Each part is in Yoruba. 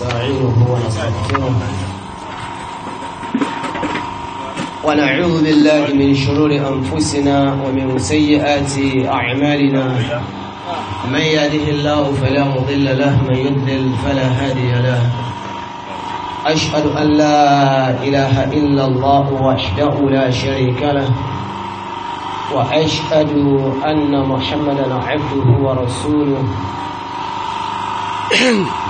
نستعينه ونستغفره ونعوذ بالله من شرور أنفسنا ومن سيئات أعمالنا من يهده الله فلا مضل له من يضلل فلا هادي له أشهد أن لا إله إلا الله وحده لا شريك له وأشهد أن محمدا عبده ورسوله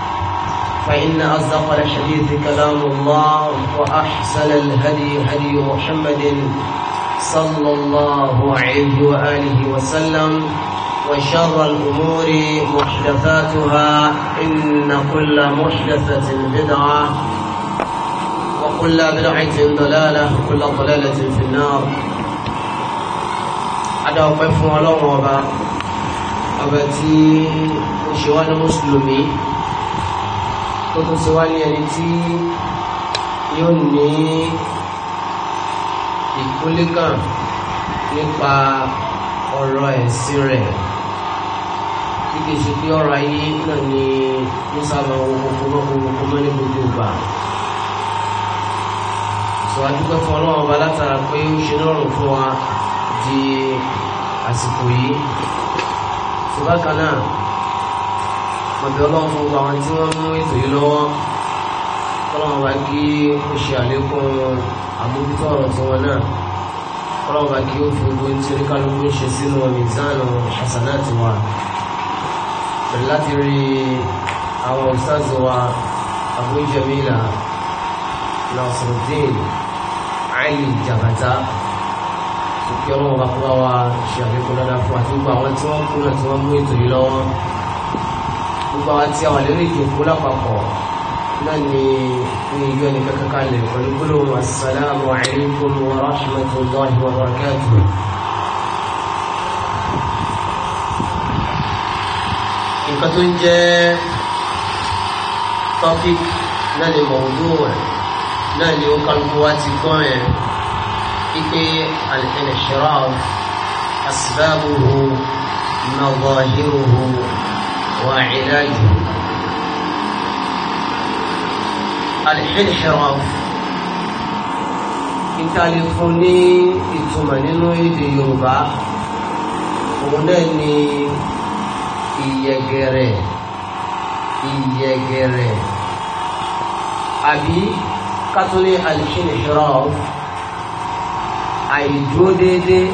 فإن أصدق الحديث كلام الله وأحسن الهدي هدي محمد صلى الله عليه وآله وسلم وشر الأمور محدثاتها إن كل محدثة بدعة وكل بدعة ضلالة وكل ضلالة في النار ada ọpẹ́ fún الله ọba أبتي tí ó tún ṣe wá ní ẹni tí yóò ní ìkúlíkàn nípa ọ̀rọ̀ ẹ̀sìn rẹ̀ tí kìí ṣe pé ọ̀rọ̀ ayé náà ni musa máa wo kókó mọ́ kókó mọ́ ní gbogbo ìgbà sọ adúgbò fún ọlọ́run ọba látara pé ó ṣe lọ́rùn fún wa di àsìkò yìí ṣùgbọ́n kan náà ọ̀dọ̀ ọlọ́run fún gbogbo àwọn tí wọ́n mú ètò yìí lọ́wọ́ kọ́lọ́run bá kí ó ṣe àlékún àmójútó ọ̀rọ̀ tí wọn náà kọ́lọ́run bá kí ó fi gbogbo tí Abu Jamila Nasruddin Ali Jabata òkè ọlọ́run bá kó bá wa ṣe àlékún dáadáa fún gbogbo àwọn tí a wà lórí ìjòkó lápapọ̀ náà ni ní ìlú ẹni kankan kalẹ̀ pẹ̀lú gbólóhùn assalamu alaikum wa rahmatullahi wa barakatuh. nǹkan tó ń jẹ́ topic náà ni mọ̀ọ́dún náà ni ó kálukú wá ti gbọ́n yẹn pípé al-inhiraf asbabuhu madahiruhu. وعلاج الانحراف ìtàlẹ́fún ní ìtumọ̀ nínú èdè Yorùbá òun náà ni ìyẹgẹrẹ ìyẹgẹrẹ àbí kátólí al-inhiraf àìdúró déédéé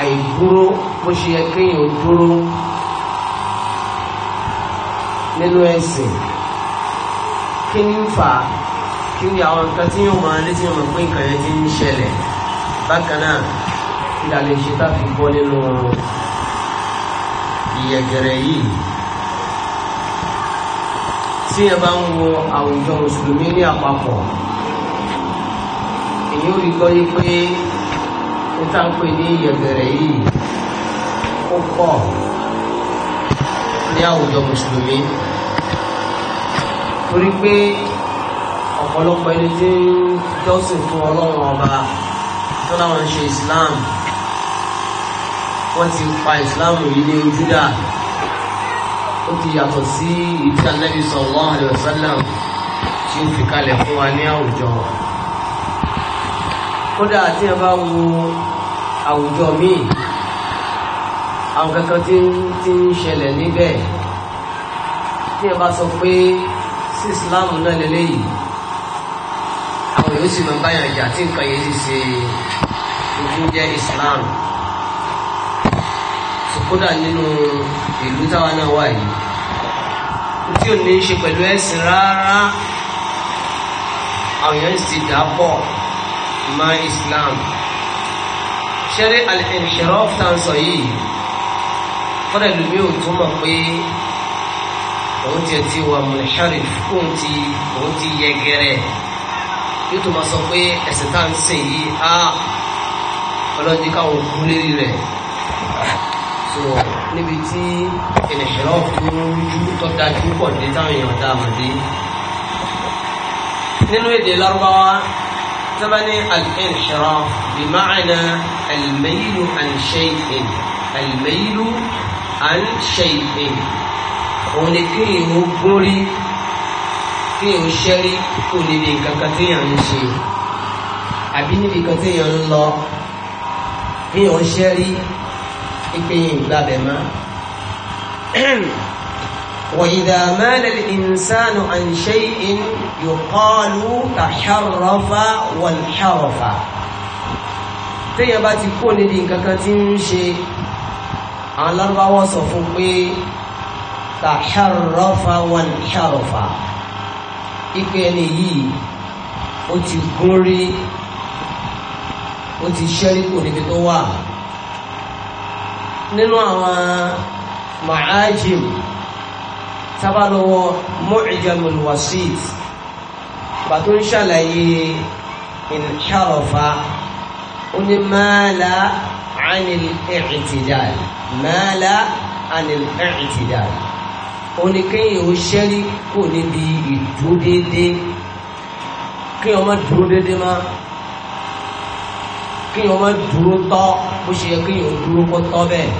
àìdúró bó ṣe yẹ kéèyàn dúró nínú ẹ̀sìn kí ni ń fà á kí ni àwọn nǹkan tí yóò máa létí yóò máa pé nǹkan yẹn ti ń ṣẹlẹ̀ bákan náà kí la lè ṣe tá a fi bọ́ nínú ìyẹ̀gẹ̀rẹ̀ yìí tí ẹ bá ń wo àwùjọ mùsùlùmí ní àpapọ̀ èyí ò rí gbọ́ yí pé ó tá ń pè ní ìyẹ̀gẹ̀rẹ̀ yìí ó pọ̀ ní àwùjọ mùsùlùmí torí pé ọ̀pọ̀lọpọ̀ ẹni tí ń jọ́sìn fún ọlọ́run ọba tó láwọn ń ṣe islam wọ́n ti pa islam yìí ní ojúdà ó ti yàtọ̀ sí ìdí Ànábì sallallahu alaihi wasallam tí ó fi kalẹ̀ fún wa ní àwùjọ kódà tí ẹ bá wo àwùjọ míì àwọn kankan tí ń tí ń ṣẹlẹ̀ níbẹ̀ tí ẹ bá sọ pé sí ìsìláàmù náà lélẹ́yìí àwọn yóò sì máa báyàn jà tí nǹkan yẹn sì ṣe ojú jẹ́ ìsìláàmù kódà nínú ìlú táwa náà wà yìí tí ò ní í ṣe pẹ̀lú ẹ̀sìn rárá àwọn èèyàn ti dà pọ̀ mọ́ Islam ṣẹ́rí al-inṣiraf tá à ń sọ yìí kọ́dà lómi ò tún mọ̀ pé òun ti ti wà mùlẹ́hárì fóun ti òun ti yẹ gẹ́rẹ́ yóò tó máa sọ pé ẹ̀sìn tá à ń sìn yìí á ọlọ́dún káwọn kú lérí rẹ̀ so níbi tí ìnìṣẹ́lọ́ fún ojú tó dájú pọ̀ dé táwọn èèyàn dá àmọ́ dé nínú èdè lárúbáwá tábání al-inhiraf bí máa ń na al-maylu an shay'in à ń ṣe ìpè òun ni kí ìhun gún rí kí ìhun ṣẹ́ rí kó níbi nǹkan kan téèyàn ń ṣe àbí níbi kan téèyàn ń lọ kí ìhun ṣẹ́ rí ìpè yìí gbàbẹ̀ mọ́. وإذا مال الإنسان عن شيء يقال تحرف والحرف téèyàn bá ti kó níbi nǹkan àwọn alárúbáwọ̀ sọ fún pé tàhárọ́fà wọn hárọ́fà ipe ẹni yìí ó ti gún rí ó ti ṣẹ́rí kò níbi tó wà nínú àwọn ma'ajim sábàlọ́wọ́ mu'jamul wasit bàtó ń ṣàlàyé inharafa ó ní mẹ́lá ànìlẹ́rìntìdà ó ní kéyìn ó ṣẹ́rí kò níbi ìdúródédé kí ọmọ dúródédé má kí ọmọ dúró tọ́ bó ṣe yẹ kéyìn ó dúró kó tọ́ bẹ́ẹ̀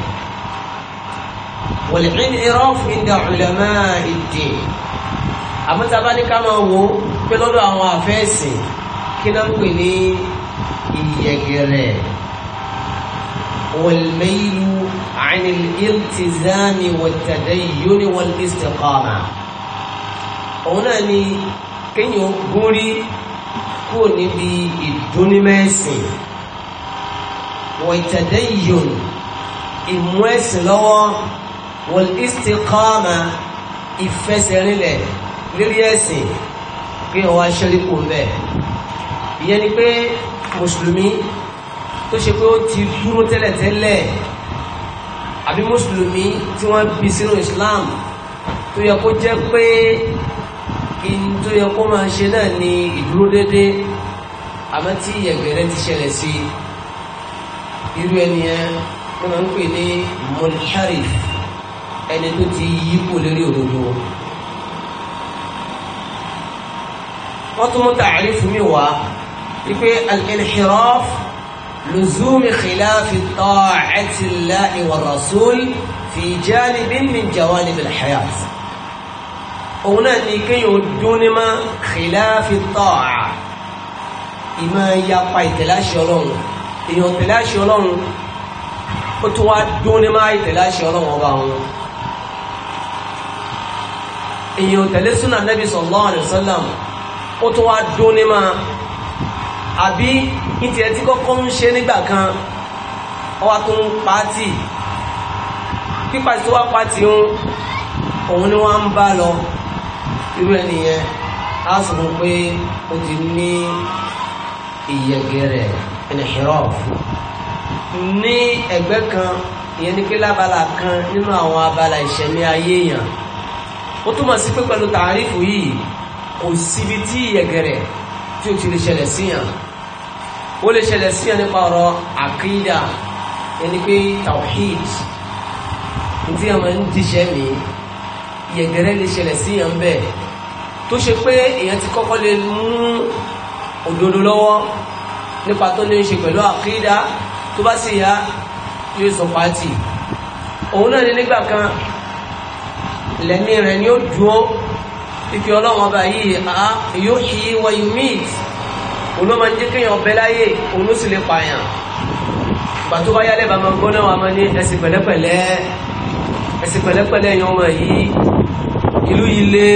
wọ̀lẹ̀hìn ìrọ́fù ìdá ìlẹ̀mọ́ ìdè àmọ́tàbá ní ká máa wo pé lọ́dọ̀ àwọn àfẹ́ẹ̀sì kí náà ń pè ní ìyẹ̀gẹ̀rẹ̀ والميل عن الالتزام والتدين والاستقامة هنا ني كن يقولي كوني بي الدنيا ميسي والتدين المويس لوا والاستقامة ìfẹsẹ̀rin lẹ̀ lórí ẹ̀sìn kí wọ́n wá ṣẹ́rí kò tó ṣe pé ó ti dúró tẹ́lẹ̀tẹ́lẹ̀ àbí mùsùlùmí tí wọ́n bí sínú islam tó yẹ kó jẹ́ pé in tó yẹ kó máa ṣe náà ni ìdúró dédé àmọ́ tí ìyẹ̀gbẹ̀rẹ̀ ti ṣẹlẹ̀ sí irú ẹni yẹn wọ́n máa ń pè ní munharif ẹni tó ti yípo lérí òdodo wọ́n tún mú tààrífù mi wá wípé al-inhiraf. لزوم خلاف طاعة الله والرسول في جانب من جوانب الحياة هناك يدون ما خلاف الطاعة إما يبقى يتلاش يلون إما يتلاش يلون وتوادون ما يتلاش يلون وباهم إن يتلسنا النبي صلى الله عليه وسلم وتوادون ما أبي ní tiẹ̀ tí kọ́kọ́ ń ṣe nígbà kan ọwá tó ń pàtì pípa tí wá pàtì ń òun ni wọ́n ń bá lọ irú ẹnìyẹn á sọ fún pé ó ti ní ìyẹ̀gẹ̀rẹ̀ ẹnìhìrọ̀ ní ẹgbẹ́ kan ìyẹn ní pé lábala kan nínú àwọn abala ìṣẹ̀mí ayé èèyàn ó túmọ̀ sí pé pẹ̀lú tàárífù yìí kò síbi tí ìyẹ̀gẹ̀rẹ̀ tí ó ti lè ṣẹlẹ̀ síyàn ó lè ṣẹlẹ̀ sí ẹ nípa ọ̀rọ̀ àkídà ẹni pé tawhid tí a máa ń díṣẹ́ mi yẹ̀gẹ̀rẹ́ lè ṣẹlẹ̀ sí ẹ̀ ń bẹ̀ tó ṣe pé èèyàn ti kọ́kọ́ lè mú òdodo lọ́wọ́ nípa tó ní ṣe pẹ̀lú àkídà tó bá sì yá yóò sọ pàtì òun náà ní nígbà kan lẹ́mí rẹ̀ ni ó dúró fífi ọlọ́run ọba yìí yóò ṣí wọ́n yìí mìíràn òun ló máa ń jẹ́ kéèyàn ọbẹ̀ láyé òun ló sì lè pààyàn ìgbà tó bá yálẹ̀ bá máa gbóná wa máa ní ẹsìn pẹ̀lẹ́pẹ̀lẹ́ ẹsìn pẹ̀lẹ́pẹ̀lẹ́ yan ọmọ yìí ìlú yìí lé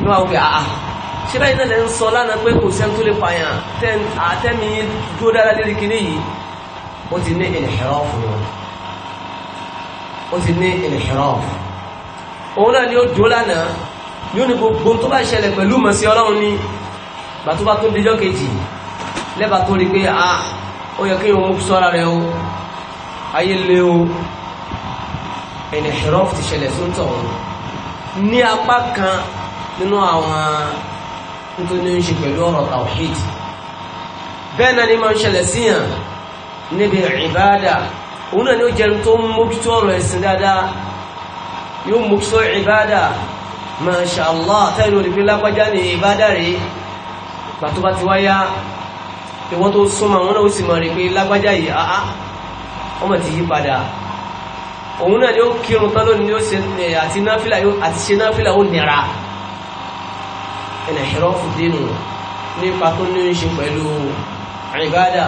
ní wàá wí àá ṣé báyìí náà lẹ ń sọ lánàá pé kò sẹ́ni tó lè pààyàn àtẹ́mi dúró dára lérí kinní yìí ó ti ní ìnìṣẹ́rọ̀ fún wọn ó ti ní ìnìṣẹ́rọ̀ òun náà ni ó dúró lánàá yóò ní gbogbo tó bá ṣẹlẹ̀ pẹ̀lú mọ̀ sí ọlọ́run ni gbàtúbà tó dijọ́ kejì lẹ́bà tó rí pé a ah, ó yẹ kí òun sọ́ra rẹ̀ o ayé lé o inhiraf ti ṣẹlẹ̀ tó ń tọ̀hún ní apá kan nínú àwọn nítorí ń ṣe pẹ̀lú ọ̀rọ̀ tawhid bẹ́ẹ̀ náà ni máa ń ṣẹlẹ̀ síyàn níbi ìbáadà òun náà ni ó jẹun tó ń mójútó ọ̀rọ̀ ẹ̀sìn dáadáa yóò mójútó ìbáadà masha Allah tẹ́lú olùgbé lágbájá ní ìbáadà rèé gbàtúbá ìwọ́ tó súnmọ́ àwọn náà ó sì mọ̀ rí pé lágbájá yìí àá ọmọ ti yí padà òun náà ni ó kírun tán lónìí yóò ṣe àti náfìlà àti ṣe náfìlà ó nira ẹnì ẹ̀rọ fùdínù nípa tó ní í ṣe pẹ̀lú ìbádà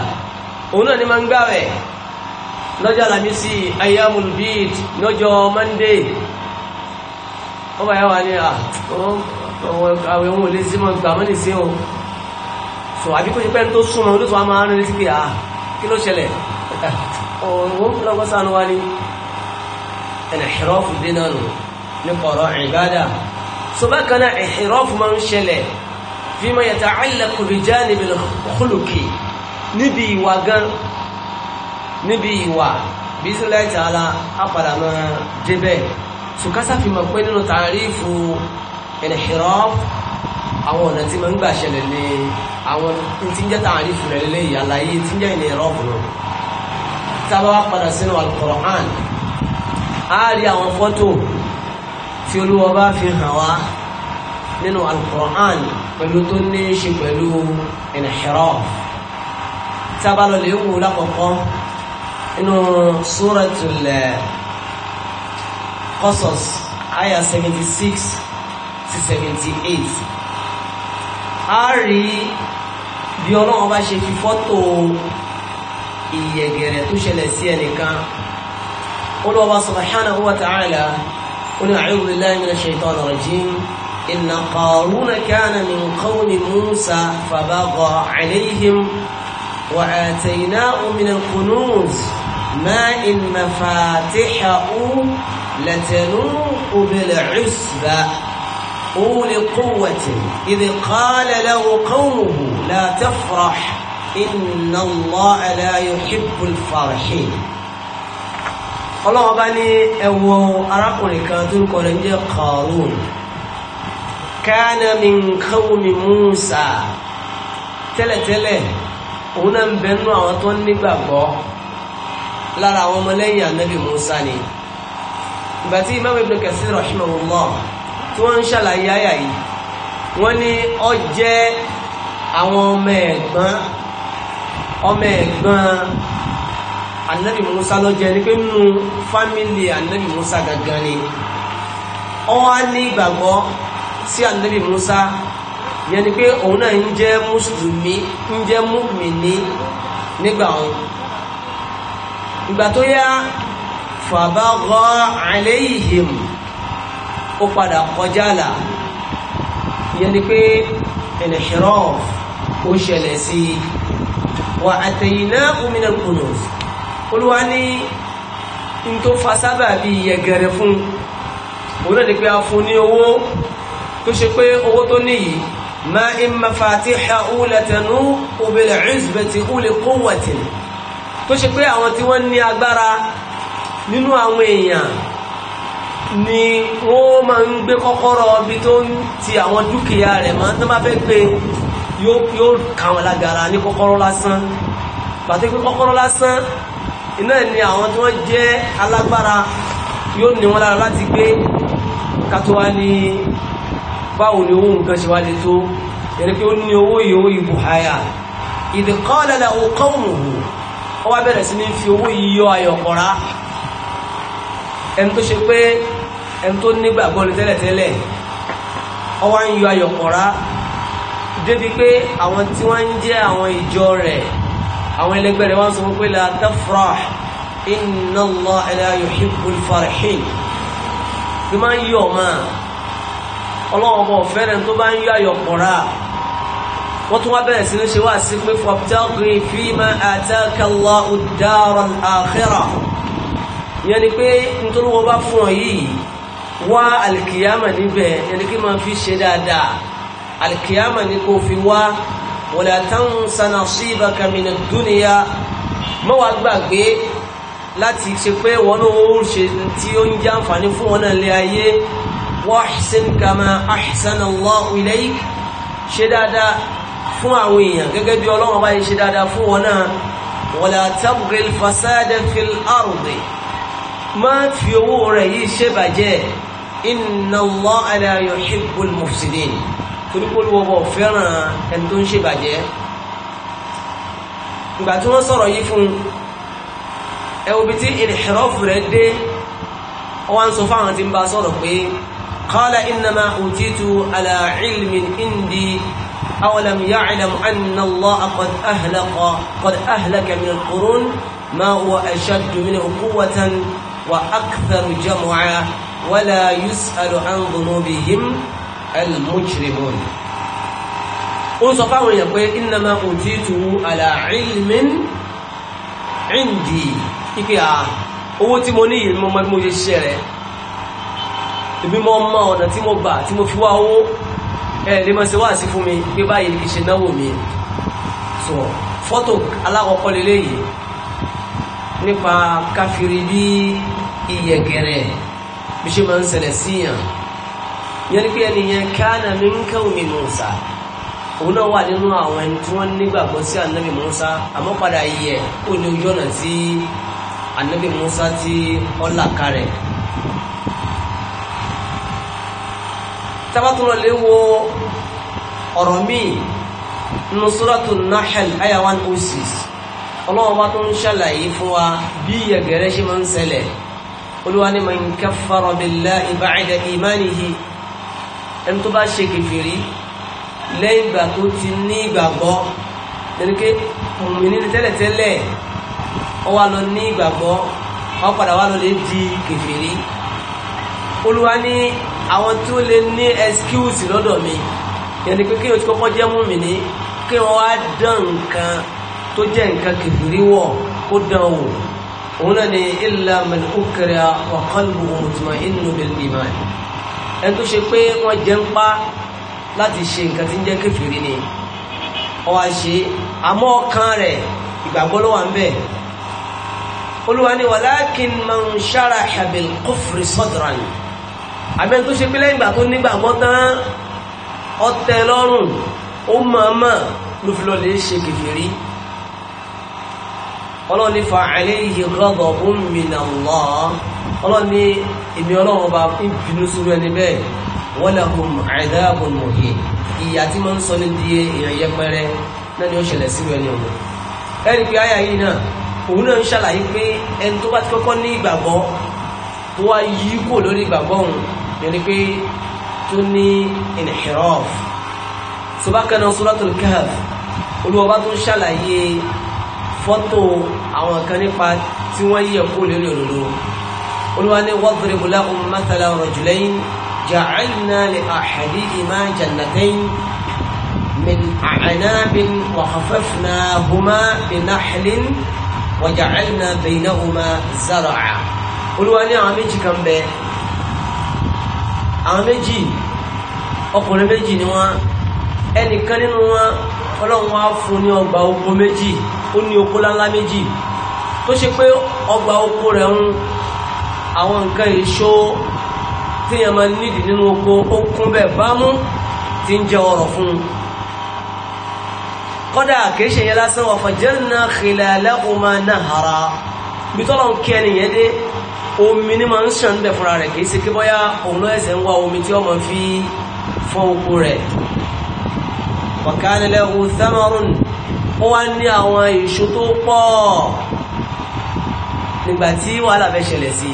òun náà ni máa ń gbààwẹ̀ lọ́jọ́ alamisi ayyamul bid lọ́jọ́ monday ọba yà wà ní àwọn ẹ̀wọ̀n olè sí mọ̀ gbàmọ́ nìsín o so àbíkó ṣe pẹ́ni tó súnmọ́ ló tó wá máa ń rí sí pé ah kí ló ṣẹlẹ̀ òun lọ́gbọ́n sànú wa ni ẹ̀nà ìṣẹ́rọ́fù dé náà nù nípa ọ̀rọ̀ ìbádà so bákan náà ìṣẹ́rọ́fù máa ń ṣẹlẹ̀ fi máa yàtà àìlẹ̀kùnrìjá níbi lọ́kùlùkì níbi ìwà gan níbi ìwà bísílẹ̀ tààlà àwọn ọ̀nà tí mo ń gbà ṣẹlẹ̀ ni àwọn tí ń jẹ́ tààrífù rẹ̀ lélẹ́yìí àlàyé tí ń jẹ́ ìní ìrọ́bù náà tá a bá wá padà sínú al-Qur'an á rí àwọn fọ́tò tí olúwa bá fi hàn wá nínú al-Qur'an pẹ̀lú tó ní í ṣe pẹ̀lú inhiraf tá lọ lè ń wò lákọ̀ọ́kọ́ nínú suratul Qasas àyà 76 sí 78 a rí bí ọlọ́run bá ṣe fi fọ́tò ìyẹ̀gẹ̀rẹ̀ tó ṣẹlẹ̀ sí ẹnìkan olùwàbà subhanahu wa ta'ala قل أعوذ بالله من الشيطان الرجيم إن قارون كان من قوم موسى فبغى عليهم وآتيناه من الكنوز ما إن مفاتحه لتنوء بالعسبة أولي قوة إذ قال له قومه لا تفرح إن الله لا يحب الفرحين ọlọ́wọ́ bá ní ẹwọ arákùnrin kan tó kọ̀ rẹ̀ ń jẹ́ Qarun kana min qawmi Musa tẹ́lẹ̀tẹ́lẹ̀ òun náà ń bẹnu àwọn tó nígbàgbọ́ lára àwọn ọmọlẹ́yìn ànábì Musa ni ìgbà tí Imam Ibn Kathir rahimahullah tí wọ́n ń ṣàlàyé àyà yìí wọ́n ní ó jẹ́ àwọn ọmọ ẹ̀gbọ́n ọmọ ẹ̀gbọ́n anabi musa lọ́jẹ́ ní pé nínú fámìlì anabi musa gangan ni wọ́n á ní ìgbàgbọ́ sí anabi musa yẹn pé òun náà ń jẹ́ mùsùlùmí ń jẹ́ mùmìnì nígbà wọn ìgbà tó yá fàbá gọ́ àlẹ́ yìí hìm ó padà kọjá àlà ìyẹn ni pé inhiraf ó ṣẹlẹ̀ sí i wà ataynahu min al-kunuz olúwa ní n tó fa sábà bíi yẹgẹrẹ fún òun náà ni pé a fún ní owó tó ṣe pé owó tó níyì ma in mafatihahu latanu bil uzbati uli quwwatin tó ṣe pé àwọn tí wọ́n ní agbára nínú àwọn èèyàn ni wọ́n máa ń gbé kọ́kọ́rọ́ bí tó ń ti àwọn dúkìá rẹ̀ máa ń tó máa fẹ́ gbé yóò kàwọn lágara ní kọ́kọ́rọ́ lásán pàtó pé kọ́kọ́rọ́ lásán iná ni àwọn tí wọ́n jẹ́ alágbára yóò ní wọn lára láti gbé kátó wá ní báwo ni owó nǹkan ṣe wá lè tó yẹni pé ó ní owó yìí owó yìí bùháyà ìdíkọ́lẹ̀lẹ̀ òkọ́ òmùhù ó wá bẹ̀rẹ̀ sí ní fi owó yìí yọ ayọ̀kọ̀rá ẹni tó ṣe pé ẹni tó nígbàgbọ́ ni tẹ́lẹ̀tẹ́lẹ̀ ọwọ́ ń yọ ayọ̀pọ̀ra débi pé àwọn tí wọ́n ń jẹ́ àwọn ìjọ rẹ̀ àwọn ẹlẹgbẹ́ rẹ̀ wọ́n sọ pé la tafrah inna Allah la yuhibbul farihin bí máa ń yọ ọmọ ọlọ́wọ́n bọ̀ fẹ́rẹ̀ tó bá ń yọ ayọ̀pọ̀ra wọ́n tún wá bẹ̀rẹ̀ sí ní ṣe wá sí pé fọ́pítàkì fíìmà ataka Allahu ad yẹn ni pé nítorí wọ́n bá fún ọ yìí wá alìkìyàmà níbẹ̀ ẹni kí máa fi ṣe dáadáa alìkìyàmà ní kò fi wá wala tansa nasibaka min ad-dunya má wá gbàgbé láti ṣe pé wọn náà ó ṣe tí ó ń jẹ́ àǹfààní fún wọn náà lé ayé wa ahsin kama ahsana Allahu ilayk ṣe dáadáa fún àwọn èèyàn gẹ́gẹ́ bí Ọlọ́run bá yẹ ṣe dáadáa fún wọn náà wala tabghil fasada fi owó rẹ̀ yìí ṣèbàjẹ́ inna Allaha la yuhibbul mufsidin torí pé olúwọ́bọ̀ fẹ́ràn ẹni tó ń ṣèbàjẹ́ ìgbà tí wọ́n sọ̀rọ̀ yìí fún ẹwọ bí tí inhiraf rẹ̀ dé wọ́n sọ fáwọn tí ń bá sọ̀rọ̀ pé qala innama utitu ala ilmin indi awalam ya'lam anna Allaha qad ahlaqa qad ahlaka min al ma huwa ashaddu minhu quwwatan wa akthar jam'a ولا yus'alu an dhunubihim al-mujrimun ó ń sọ fáwọn èèyàn pé innama utitu ala ilmin indi kíkẹ́ à owó tí mo ní yìí mo mọ́ bí mo ṣe ṣiṣẹ́ rẹ̀ ibi mọ́ mọ́ ọ̀nà tí mo gbà tí mo fi wá owó ẹ̀ lè mọ́ sí mi pé báyìí kì í ṣe náwó mi sọ fọ́tò alákọ̀ọ́kọ́ bí ṣe máa ń ni pé Kana yẹn káànà mi ń kẹ́ omi Musa òun náà wà nínú àwọn ẹni tí wọ́n nígbàgbọ́ sí anabi Musa àmọ́ padà yẹ ó ní ojú ọ̀nà tí anabi Musa ti ọ̀là kárẹ̀. tabatulọ lè wo ọ̀rọ̀ míì nínú Nahl aya one oh bá tó ń ṣàlàyé fún wa bí yẹ̀gẹ̀rẹ́ ṣe máa ń ṣẹlẹ̀ olúwa ni man kaffara billahi ba'da imanihi ẹni tó bá ṣe kèfèrí lẹ́yìn ìgbà tó ti ní ìgbàgbọ́ torí pé mùmíní tẹ́lẹ̀tẹ́lẹ̀ ó wá lọ ní ìgbàgbọ́ wọ́n padà wá lọ lè di kèfèrí olúwa ni àwọn tó lè ní ẹskíwùsì lọ́dọ̀ mi yẹni pé kí ti kọ́kọ́ jẹ́ mùmíní kí wá dán nǹkan tó jẹ́ nǹkan kèfèrí wọ̀ kó dán wò òun náà ni illa man ukriha wa qalbuhu mutma'innun bil iman ẹni tó ṣe pé wọ́n jẹ́ ń pa láti ṣe nǹkan tí ń jẹ́ kèfèrí ni ọwà ṣe àmọ́ ọkàn rẹ̀ ìgbàgbọ́ ló wà ń bẹ̀ olúwa ni walakin man sharaha bil kufri sadran àbẹ́ tó ṣe pé ìgbà tó nígbàgbọ́ tán ọtẹ lọ́rùn ó mọ̀ọ́mọ̀ ló fi lọ ṣe kèfèrí ọlọ́run ní fa alayhi ghadabun min Allah ọlọ́run ní èmi ọlọ́run ọba ìbínú sórí ẹni bẹ́ẹ̀ walahum adhabun muhin ìyá tí máa ń sọ ní di èèyàn yẹpẹrẹ náà ni ó ṣẹlẹ̀ sí ẹni ọ̀hún ẹni pé àyà yìí náà òun náà ń ṣàlàyé pé ẹni tó bá ti kọ́kọ́ ní ìgbàgbọ́ tó wá yí kò lórí ìgbàgbọ́ òun yẹni pé tó ní inhiraf tó bá kẹ́nà Suratul Kahf olúwa bá tó ń ṣàlàyé fọ́tò àwọn kan nípa tí wọ́n yẹ kó lérí òdodo olúwa ní wadrib lahum mathala rajulayn ja'alna li ahadihima jannatayn min a'nabin wa khafafnahuma bi nahlin wa ja'alna baynahuma zar'a olúwa ní àwọn méjì kan bẹ àwọn méjì ọkùnrin méjì ni wọ́n ẹnìkan nínú wọn ọlọ́run wá fún ní ọgbà oko méjì ó ní oko láńlá méjì tó ṣe pé ọgbà oko rẹ̀ ń àwọn nǹkan èso tí yẹn máa nídìí nínú oko ó kún bẹ́ẹ̀ bámú ti ń jẹ ọrọ̀ fún un kọ́dà kìí ṣe lásán wà fàjẹ́nà khilalahuma nahara bí tọ́lọ̀ kí ẹnìyẹn dé omi ní máa ń ṣàn bẹ̀ fúnra rẹ̀ kìí ṣe kí bọ́yá òun lọ́ẹ̀sẹ̀ ń wá omi tí ó máa fi fọ́ oko rẹ̀ wàkánà lẹ́hu thamarun ó wá ní àwọn èso tó pọ̀ nígbà tí wàhálà bẹ́ ṣẹlẹ̀ sí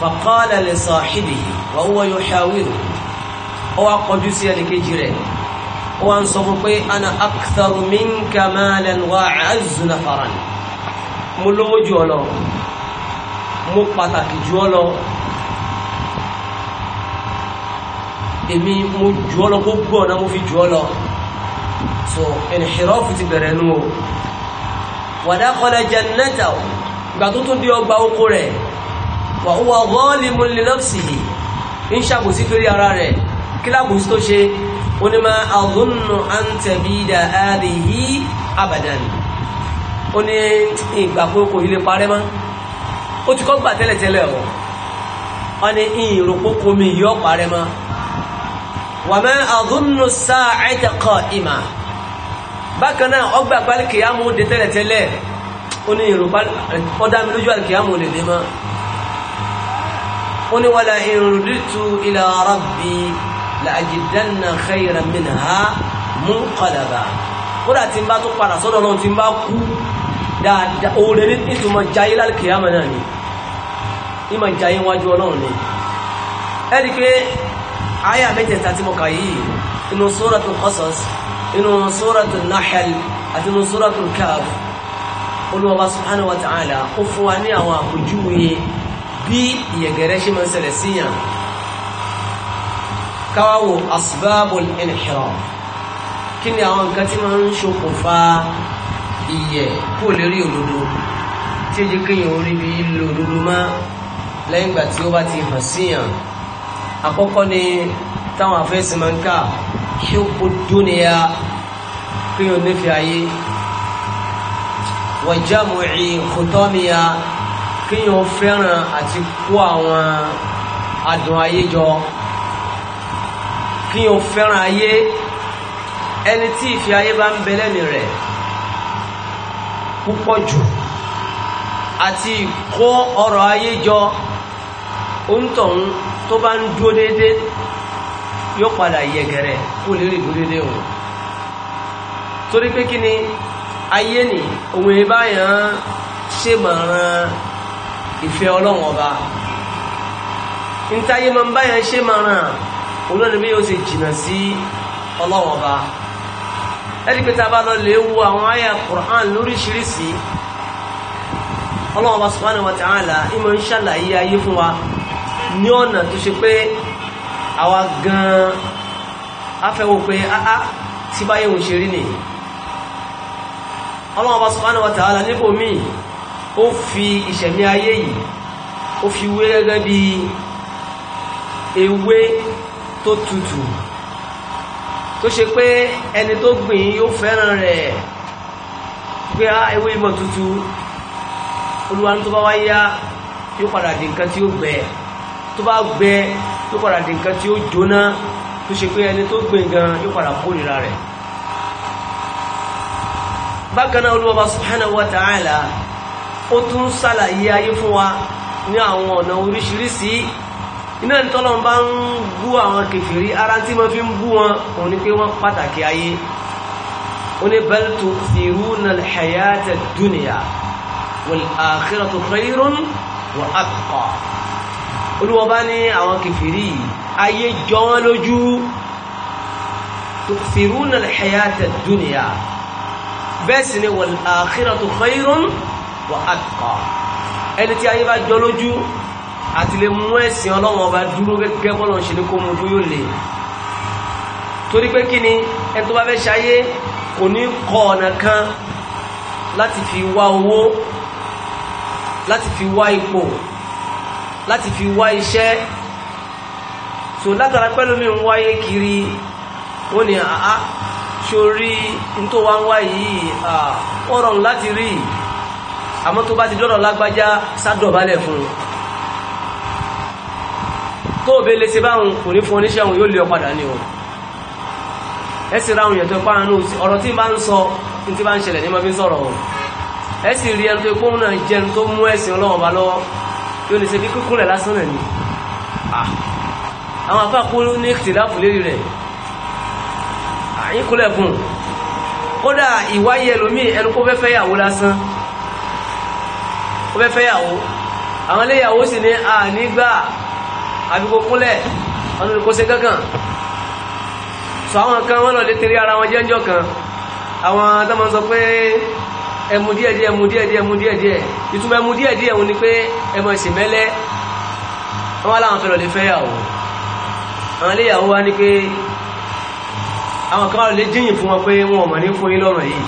faqala li sahibihi wa huwa yuhawiru ó wá kọjú sí ẹnì kejì rẹ̀ ó wá ń sọ fún pé ana aktharu minka malan wa a'azzu nafaran mo lówó jù ọ mo pàtàkì jù ọ èmi mo jù ọ kó gbọ́ ọ̀nà mo fi jù ọ so inhirafu ti bẹ̀rẹ̀ nú o wadakhala jannatahu ìgbà tó tún dé ọgbà oko rẹ̀ wa huwa zalimun li nafsihi ń ṣàbòsí torí ara rẹ̀ kí lábòsí tó ṣe ó ní ma adhunnu an tabida hadhihi abadan ó ní ìgbà pé oko yìí lè parẹ́ mọ́ ó ti kọ́ gbà tẹ́lẹ̀tẹ́lẹ̀ ọ̀ wọ́n ní ìròpókomi yìí ọ̀ parẹ́ mọ́ wàmẹ́ àdúnnù sáà ẹ̀tẹ̀kọ̀ ìmà bákan náà ọgbà pálí kìyàmù dé tẹ́lẹ̀tẹ́lẹ̀ ó ní yorùbá ọdá mi lójú àkìyàmù lè dé mọ́ ó ní wàlá ìrùdìtù ilà rabbi làjìdánà khayran minha munqalaba kódà tí n bá tó padà sọ́dọ̀ náà tí n bá kú dáadáa oore ní ìtumọ̀ jayé lálùkìyàmù náà ni ìmọ̀ jayé wájú ọlọ́run ni ẹ̀rí àyà mẹ́tẹ̀ẹ̀ta tí mo kà yìí inú suratul Qasas inú suratul Nahl àti inú suratul Kahf olùwàwà subhanahu wa ta'ala ó fún wa ní àwọn àpòjúwe bí ìyẹ̀gẹ̀rẹ́ ṣe máa ń ṣẹlẹ̀ síyàn káwáwò asbabul inhiraf kí ni àwọn nǹkan tí máa ń ṣokùnfà ìyẹ̀ kó lérí òdodo tí ó jẹ́ kéèyàn orí bí lòdodo má lẹ́yìn ìgbà tí ó bá ti hàn síyàn àkọ́kọ́ ni táwọn afẹ́sì máa ń kà ṣókò dúnìyà kí yóò nífẹ̀ ayé wàjámùí kòtọ́mìyà kí yóò fẹ́ràn àti kó àwọn adùn ayé jọ kí yóò fẹ́ràn ayé ẹni tí ìfẹ́ ayé bá ń bẹ lẹ́mìí rẹ̀ púpọ̀ jù àti kó ọrọ̀ ayé jọ ó ń tọ̀hún tó bá ń dúó dédé yóò padà yẹgẹrẹ kó lè rí dúó dédé o torí pé kí ni ayé ni òun ìbáyàn ṣèmọ̀ràn ìfẹ́ ọlọ́run ọba ntáyé máa ń báyàn ṣèmọ̀ràn olóòrùn bí yóò ṣe jìnnà sí ọlọ́run ọba ẹ̀rí pé tá a bá lọ lè wo àwọn àyà Qur'an lóríṣiríṣi ọlọ́run ọba subhanahu wa ta'ala ìmọ̀ ń ṣàlàyé ayé fún wa ní ọ̀nà tó ṣe pé àwa gan-an afẹ́wò pé áá tí báyé òun ṣe rí nì ọlọ́wọ́ bá subhanahu wa ta'ala níbò míì ó fi ìṣẹ̀mí ayé yìí ó fi wé gẹ́gẹ́ bí ewé tó tutù tó ṣe pé ẹni tó gbìn yóò fẹ́ràn rẹ̀ pé á ewé ìmọ̀ tutù olúwa ní tó bá wáyá yóò padà di nǹkan tí ó gbẹ̀ẹ́ tó bá gbẹ tó padà di nǹkan tí ó jóná tó ṣe pé ẹni tó gbé nǹkan yóò padà kórìíra rẹ̀ bákan náà olúwa subhanahu wa ta'ala ó tún ṣàlàyé ayé fún wa ní àwọn ọ̀nà oríṣiríṣi iná ìtọ́lọ̀ bá ń bú àwọn kèfèrí ara tí wọ́n fi ń bú wọn òun ni pé wọ́n pàtàkì ayé ó ní bal tu'thiruna al-hayata ad-dunya wal-akhiratu khayrun wa abqa olúwọ bá ní àwọn kìfìrí ayé jọ wọ́n lójú tukfiruna al-hayata ad-dunya bẹ́ẹ̀ sì ni wal-akhiratu khayrun wa atqa ẹni tí ayé bá jọ lójú àti lè mú ẹ̀sìn ọlọ́wọ́n ọba dúró gẹ́gẹ́ bọ́lọ̀ ṣe ní kó mú dúró lè torí pé kí ni ẹni tó bá fẹ́ ṣayé kò ní kọ ọ̀nà kan láti fi wá owó láti fi wá ipò láti fi wá iṣẹ́ so látara pẹ́lú mi ń wáyé kiri wọ́n ni àá sórí tó wá ń wá yìí ó rọrùn láti rí àmọ́ tó bá ti dọ́rọ̀ lágbájá sádọ̀bálẹ̀ fún un tó bẹ lè ṣe báhùn kò ní fún oníṣẹ́ òun yóò lè ọpadà ní o ẹ sì ra òun yẹ̀tọ́ ìpáranú ọ̀rọ̀ tí bá ń sọ tí bá ń ṣẹlẹ̀ ní ma fi ń sọ̀rọ̀ ẹ sì rí ẹni tó kóhùn náà jẹun tó mú ẹ̀sìn ọlọ́wọ́ lọ́wọ́ yóò ní ṣe bí kúkú rẹ̀ lásán náà ni ah, àwọn afá kú ní ìtìláàfù lérí rẹ̀ àyínkúlẹ̀kùn ah, kódà ìwáyé ẹlòmíì ẹnu kó fẹ́ fẹ́ yàwó lásán kó fẹ́ fẹ́ yàwó àwọn iléyàwó sì ní ànígbà àbíkó kúnlẹ̀ ọdún ní kó ṣe kankan sọ àwọn kan wọ́n lọ lé tẹ̀lé ara wọn jẹ́ńjọ́ kan àwọn tó máa ń sọ pé ẹmu díẹ̀ díẹ̀ ẹmu díẹ̀ díẹ̀ ẹmu díẹ̀ díẹ̀ ìtumọ̀ ẹmu díẹ̀ díẹ̀ wọ́n ní pé ẹmọ ìsìn mẹ́lẹ́ wọ́n aláwọn fẹ́ lọ lè fẹ́ yàwó àwọn iléyàwó wá ní pé àwọn kan lè jíyìn fún wọn pé wọn ọmọ ní fún yín lọ́rọ̀ yìí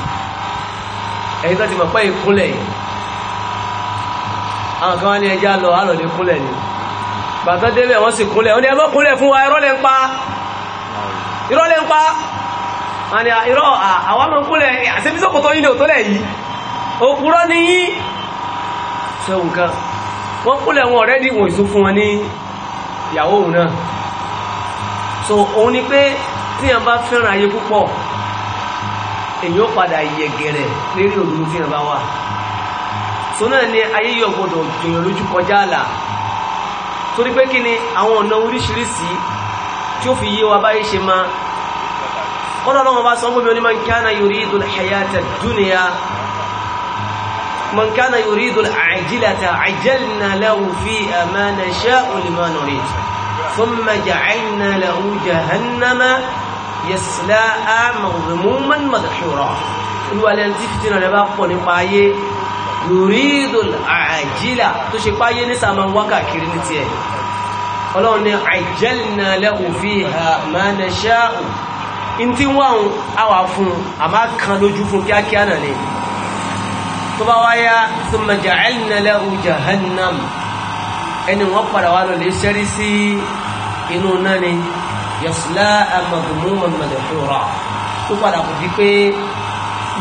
ẹ̀yin tó ti mọ̀ pé ìkúnlẹ̀ yìí àwọn kan wá ní ẹjá lọ àlọ́ lè kúnlẹ̀ ni bàtọ́ débẹ̀ wọ́n sì kúnlẹ̀ wọ́n ní ẹmọ́ kúnlẹ̀ fún wa ìrọ́lẹ̀ ń pa ìrọ́lẹ̀ ń pa àni irọ́ àwọn ọmọ kúnlẹ̀ àṣẹ́bísọ́kòtò yìí ni ò tó lẹ̀ yìí òpùrọ́ ni yí ṣe nǹkan wọ́n kúlẹ̀ wọn ọ̀rẹ́dì wọ̀n ìsún fún wọn ní ìyàwó òun náà so òun ni pé tí yàn bá fẹ́ràn ayé púpọ̀ èyí ó padà yẹ̀gẹ̀rẹ̀ lérí òdúró tí yàn bá wà so náà ni ayé yọ gbọdọ̀ jòyàn lójú kọjá àlà torí pé kí ni àwọn ọ̀nà oríṣiríṣi tí ó fi yé wa báyé ṣe máa kọ́nà ọlọ́run bá sọ fún mi onímọ̀ kí á náà yorí ìdúnà ẹ̀yà tẹ̀ man kana yuridu al-ajilata ajjalna lahu fiha ma nasha'u liman nurid thumma ja'alna lahu jahannama yaslaha madhmuman madhura olúwalẹ̀ tí fìtínà rẹ̀ bá pọ̀ nípa ayé yuridu al-ajila tó ṣe páyé ní sàmà wákàkiri ní tiẹ̀ ọlọ́run ni ajjalna lahu fiha ma nasha'u in ti wọ́n àwà fún àmá kan lójú fún kíákíá náà ni tó bá wáyá thumma ja'alna lahu jahannam ẹni wọ́n padà wá lọ lè ṣẹ́rí sí inú náà ni yaslaha madhmuman madhura tó padà kò di pé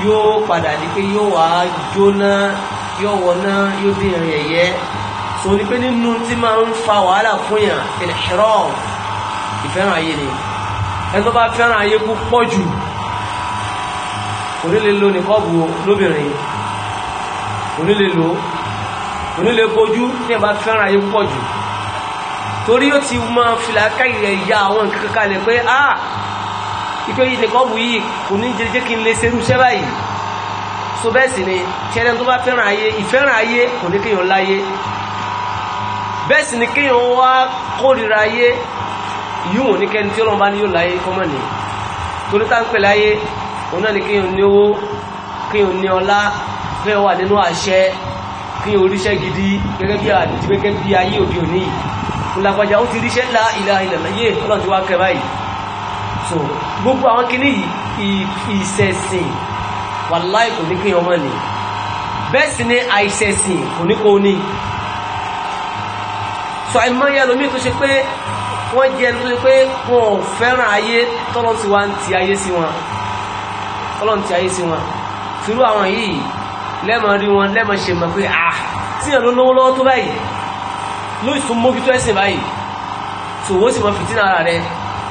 yóò padà di pé yóò wá jóná yóò wọná yóò di ìrìn ẹ̀yẹ so ni pé nínú tí máa ń fa wàhálà fún yàn al ìfẹ́ràn ayé ni ẹni tó bá fẹ́ràn ayé púpọ̀ jù kò ní lè lo nìkọ́ọ̀bù lóbìnrin onílé lò ó onílé bojú ní ẹ̀bá fẹ́ràn ayé pọ̀ jù torí ó ti máa fìlà káyìí ya àwọn nǹkan kankan lẹ̀ pé a ìpè yìí nìkan bù yìí kò ní jẹjẹ kí n lè ṣerú iṣẹ́ báyìí so bẹ́ẹ̀ sì ni tiẹ̀dẹ́ tó bá fẹ́ràn ayé ìfẹ́ràn ayé kò ní kéèyàn láyé bẹ́ẹ̀ sì ni kéèyàn wá kórìíra ayé yìí wò ní tí ọlọ́run bá ní yóò láyé kọ́mọ̀ ni torí táǹpẹ̀ láyé òun náà ni kéèyàn ní owó kéèyàn ní ọlá fẹ́ wà nínú àṣẹ kí oríṣẹ́ gidi gẹ́gẹ́ bí àti gẹ́gẹ́ bí ayé òde òní yìí ńlápàjá ó ti ríṣẹ́ ńlá ìlà ìlàláyé ọlọ́run ti wá kẹ báyìí so gbogbo àwọn kìíní yìí ìṣẹ̀sìn wàláhì kò ní kí ọmọ ni bẹ́ẹ̀ sì ni àìṣẹ̀sìn kò ní kó ní so àìmọye ẹlòmíì tó ṣe pé wọ́n jẹ́ ẹni tó ṣe pé wọn ò fẹ́ràn ayé tọ́lọ́ ti wá ń ti ayé sí wọn tọ́lọ́ ń ayé sí wọn tìrú àwọn yìí lẹ́mọ̀ rí wọn lẹ́mọ̀ ṣe mọ̀ pé ah tí ìyàn ló lówó lọ́wọ́ tó báyìí ló ìtún mójútó ẹ̀sìn báyìí tó owó sì mọ fìtínà ara rẹ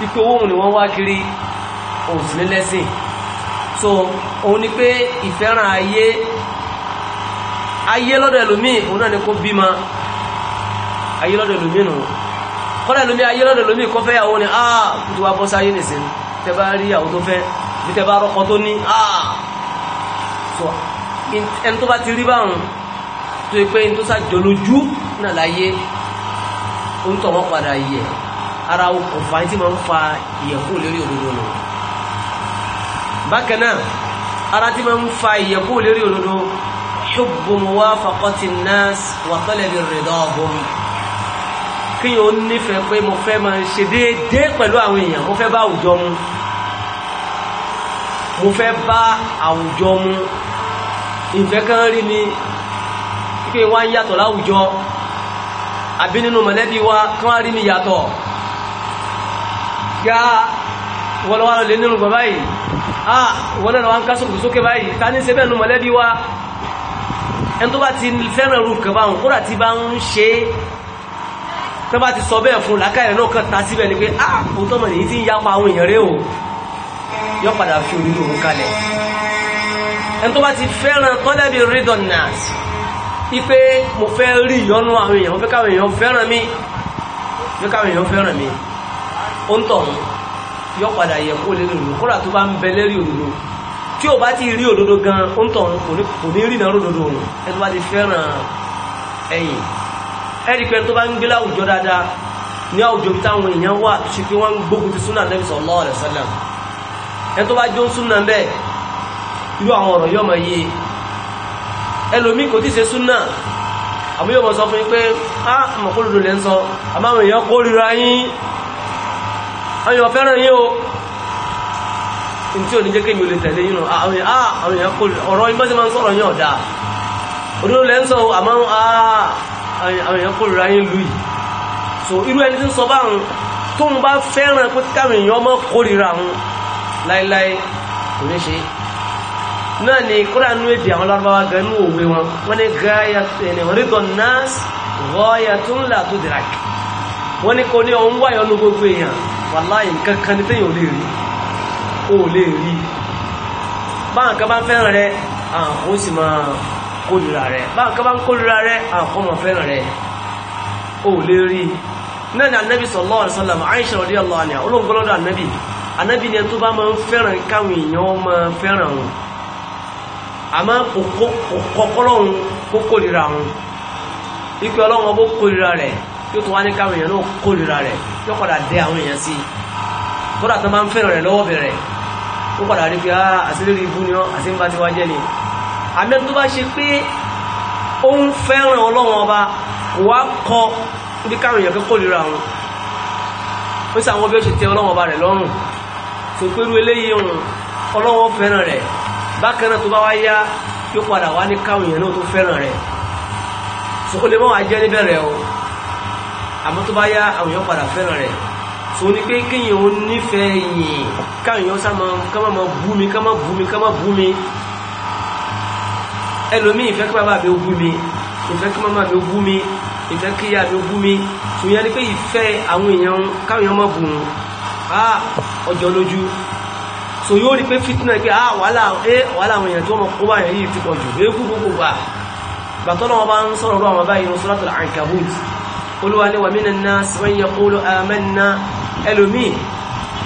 ipò owó ni wọ́n wá kiri òun sì ní lẹ́sìn so òun ni pé ìfẹ́ràn ayé ayé lọ́dọ̀ ẹlòmíì òun náà ni kó bímọ ayé lọ́dọ̀ ẹlòmíì nù kọ́lá ẹlòmíì ayé lọ́dọ̀ ẹlòmíì kọ́ fẹ́ yàwó ni ah kutu wa bọ́ sáyé nìsín tẹ bá rí àwọn tó fẹ́ bí tẹ bá rọ́kọ tó ní ah so ẹni tó bá ti rí báwọn tó yẹ pé tó sàjọ lójú náà láyé ó ń tọ̀ wọ́n padà yẹ ara òfà tí máa ń fa ìyẹ̀kú lérí òdodo nù bákan náà ara tí máa ń fa ìyẹ̀kú lérí òdodo hubbu muwafaqati nnas wa talabi ridahum kíyàn ó nífẹ̀ẹ́ pé mo fẹ́ máa ṣe déédéé pẹ̀lú àwọn èèyàn mo fẹ́ bá àwùjọ mu mo fẹ́ bá àwùjọ mu ìfẹ́ rí ni pé wá ń yàtọ̀ láwùjọ àbí nínú mọ̀lẹ́bí wa kán rí ni yàtọ̀ gá wọ́lọ́wọ́lọ́ lè nínú gbọ̀n báyìí ah wọ́n náà wọ́n ká sókè sókè báyìí ta ní ṣe bẹ́ẹ̀ nínú mọ̀lẹ́bí wa ẹni tó bá ti fẹ́ràn rú nǹkan báwọn kódà ti bá ni pé ah òótọ́ mọ̀ nìyí ẹni tó bá ti fẹ́ràn tọ́lẹ́bì rídọ̀n nas ipe mo fẹ́ rí ìyọnu àwọn èèyàn mo fẹ́ káwọn èèyàn fẹ́ràn mi fẹ́ káwọn èèyàn fẹ́ràn mi ó ń tọ̀hún yọ padà yẹ kó lé lòlò kódà tó bá ń bẹ lérí òdodo tí o bá ti rí òdodo gan ó ń tọ̀hún kò ní rí náà òdodo òun ẹni tó bá ti fẹ́ràn ẹ̀yìn ẹ̀rí pé tó bá ń gbé láwùjọ dáadáa ní àwùjọ bí táwọn èèyàn wà tó ṣe pé wọ́n ń gbógun ti súnà Nabi sallallahu alaihi wasallam ẹni tó bá jó súnà bẹ́ẹ̀ irú àwọn ọ̀rọ̀ yọ́mọ yìí ẹlòmí kò tí ṣe súnà àmú yọ́mọ sọ fún pé á mọ̀kúrúdù lẹ́ ń sọ àmáwọn èèyàn kórìíra yín àwọn fẹ́ràn yín o tí ò ní jẹ́ kéèmì olè tẹ̀lé yín àwọn èèyàn kórìíra ọ̀rọ̀ yín bọ́sí máa ń sọ̀rọ̀ yín ọ̀dà olóró lẹ́ ń sọ àmáwọn èèyàn kórìíra yín lù so irú ẹni tí ń sọ báwọn tóun bá fẹ́ràn pé káwọn èèyàn mọ́ kórìíra àwọn láíláí kò ní ṣe é náà ni kúrò nú èdè àwọn lárúbáwá gan nú òwe wọn wọn ni gáyà ẹni rídọ̀ nas gọ́ọ̀yà tó ń là tó dìrà wọn ni kò ní ọ̀hún wáyọ̀ ní gbogbo èèyàn wàláhì nǹkan kan ní téèyàn ò lè rí ó lè rí báwọn kan bá ń fẹ́ràn rẹ àwọn ó sì máa kólura rẹ báwọn kan bá ń kólura rẹ àwọn ọmọ fẹ́ràn rẹ ó lè rí náà ni anabi sallallahu alaihi wasallam Aisha radiyallahu anha olóńgbọ́lọ́dọ̀ anabi anabi ni ẹni tó bá máa ń fẹ́ràn káwọn èèyàn máa fẹ́ràn wọn àmọ́ kọ́kọ́lọ́run kó kórìíra òun ikú ọlọ́run ọbó kórìíra rẹ̀ yóò tó wá ní káwọn èèyàn náà kórìíra rẹ̀ yóò padà dé àwọn èèyàn sí i kódà tó máa ń fẹ́ràn rẹ̀ lọ́wọ́ bẹ̀rẹ̀ ó padà rí pé ah àṣírí ibú ni ọ́ àti ń bá ti wá jẹ́ ni àmì tó bá ṣe pé ó ń fẹ́ràn ọlọ́run ọba kò wá kọ bí káwọn èèyàn kó kórìíra òun ó sì àwọn bí ó ṣe tẹ ọlọ́run ọba rẹ̀ lọ́rùn tó pérú bákan náà tó bá wá yá yóò padà wá ní káwọn èèyàn náà tó fẹ́ràn rẹ̀ sókò lè mọ́ wá jẹ́ níbẹ̀rẹ̀ o àmọ́ tó bá yá àwọn èèyàn padà fẹ́ràn rẹ̀ tó ní pé kéèyàn ó nífẹ̀ẹ́ yìn káwọn èèyàn sá máa ká máa bú mi ká máa bú mi ká máa bú mi ẹlòmíì ìfẹ́ kí bàbá mi ó bú mi ìfẹ́ kí màmá mi ó bú mi ìfẹ́ kí ìyá mi ó bú mi tòun yẹn ni pé ìfẹ́ àwọn èèyàn káwọn èèyàn máa bù wọn ọjọ́ lójú so yóò rí pé fitna pé ah wàhálà eh wàhálà àwọn èèyàn tí wọ́n mọ̀ kó bá yẹn yìí ti pọ̀ jù eégún gbogbo wa gbàtọ́nà wọn bá ń sọ̀rọ̀ bá wọn báyìí Suratul Ankabut olúwa ní wa minan nas man yaqulu amanna ẹlòmíì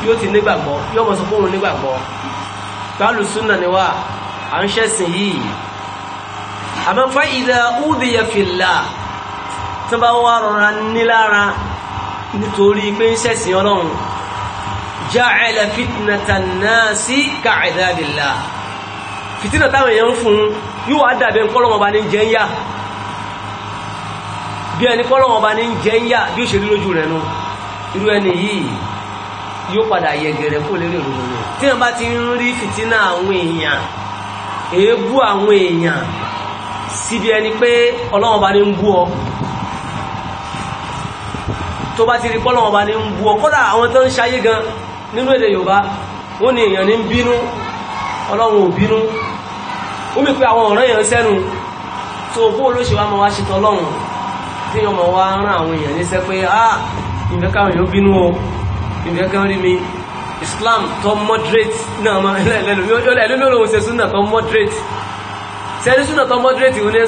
yóò ti nígbàgbọ́ yóò mọ̀ sọ fóun nígbàgbọ́ pàálù ni wà à ń ṣẹ̀sìn yìí àmọ́ fa idha udiya fillah tí wọ́n bá wà rọra nílára nítorí pé ń ṣẹ̀sìn ọlọ́run ja'ala fitnatan nasi ka'adhabillah fìtínà táwọn èèyàn fún yóò wá dàbẹ̀ kọ́lọ́mọ̀ bá ní jẹ́ ń yá bí ẹni kọ́lọ́mọ̀ bá ní jẹ́ ń yá bí ó ṣe rí lójú rẹ̀ nu irú ẹni yìí yóò padà yẹ gẹ̀rẹ̀ kó lérí òrùn rẹ̀ tí wọ́n ti ń rí fìtínà àwọn èèyàn èébú àwọn èèyàn síbi ẹni pé ọlọ́wọ́n bá ní ń bú ọ tó bá ti rí kọ́lọ́wọ́n bá ní ń bú ọ kódà àwọn tó ń ṣayé gan nínú èdè yorùbá wọ́n ní èèyàn ní bínú ọlọ́run ò bínú ó mi pé àwọn ọ̀rẹ́ èèyàn sẹ́nu tó bó olóṣèlú wa máa wá ṣetán ọlọ́run tí wọ́n máa wá rán àwọn èèyàn níṣẹ́ pé ah ìfẹ́ káwọn èèyàn bínú o ìfẹ́ káwọn rí mi islam tó moderate náà máa lẹ́nu lẹ́nu lóhun ṣe súnà tó moderate sẹ́ni súnà tó moderate ò ní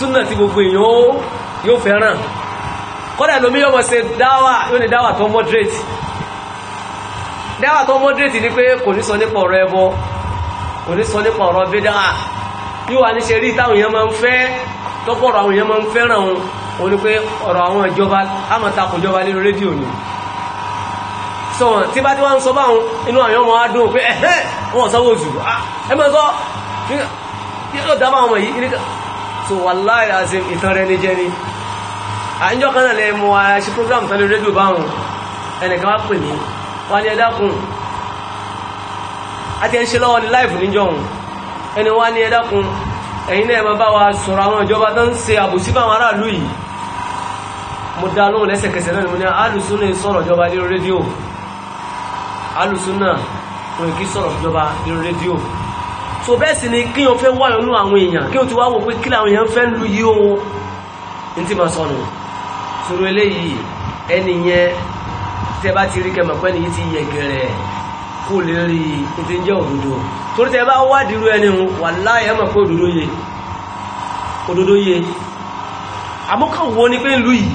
súnà tí gbogbo èèyàn yóò fẹ́ràn kọ́dà lómi yóò mọ̀ ṣe dáwà yóò ní dáwà tó moderate dáwà tó moderate ni pé kò ní sọ nípa ọ̀rọ̀ ẹbọ kò ní sọ nípa ọ̀rọ̀ bídà bí wà ní ṣe rí táwọn èèyàn máa ń fẹ́ tọ́pọ̀rọ̀ àwọn èèyàn máa ń fẹ́ràn òun o ní pé ọ̀rọ̀ àwọn ìjọba amọ̀takùn ìjọba nínú rédíò ni sọ wọn tí bá tí wọ́n ń sọ báwọn inú àwọn ọmọ wa dùn pé ẹ̀hẹ́ wọn sọ wọ́n jù ah, ẹ máa sọ yóò dá máa wọn yìí ní so wallahi azim ìtàn rẹ ní jẹ ni àyíjọ́ kan náà lè mú wa ṣe program tán ní rédíò báwọn ẹnìkan wá pè ní wà ní ẹ̀dákun àti ẹ̀ṣẹ́ lọ́wọ́ ní láìfù níjọun ẹni wá ní ẹ̀dákun ẹ̀yin náà ma bá wa sọ̀rọ̀ àwọn ìjọba tó ń ṣe àbòsí fáwọn aráàlú yìí mo dá lóhùn lẹ́sẹ̀kẹsẹ̀ náà ni mo ní alùsúnà sọ̀rọ̀ ìjọba lórí rédíò alùsúnà mo kì í sọ̀rọ̀ ìjọba lórí rédíò so bẹ́ẹ̀ sì ni kí o fẹ́ wáyọ̀ nú àwọn èèyàn kí o ti wá wò pé kí làwọn èèyàn fẹ́ lu yí o ní ti ma sọnù sọ̀rọ̀ eléyìí ẹni yẹn tẹ́ bá ti rí kẹmọ̀ pẹ́ nìyí ti yẹ gẹ̀rẹ̀ kó lè rí ètò ìjẹ́ òdodo torí tẹ́ bá wádìí irú ẹni hun wàláhì ẹ mọ̀ pé òdodo yẹ òdodo yẹ àmọ́kàn wo ni pé ń lu yìí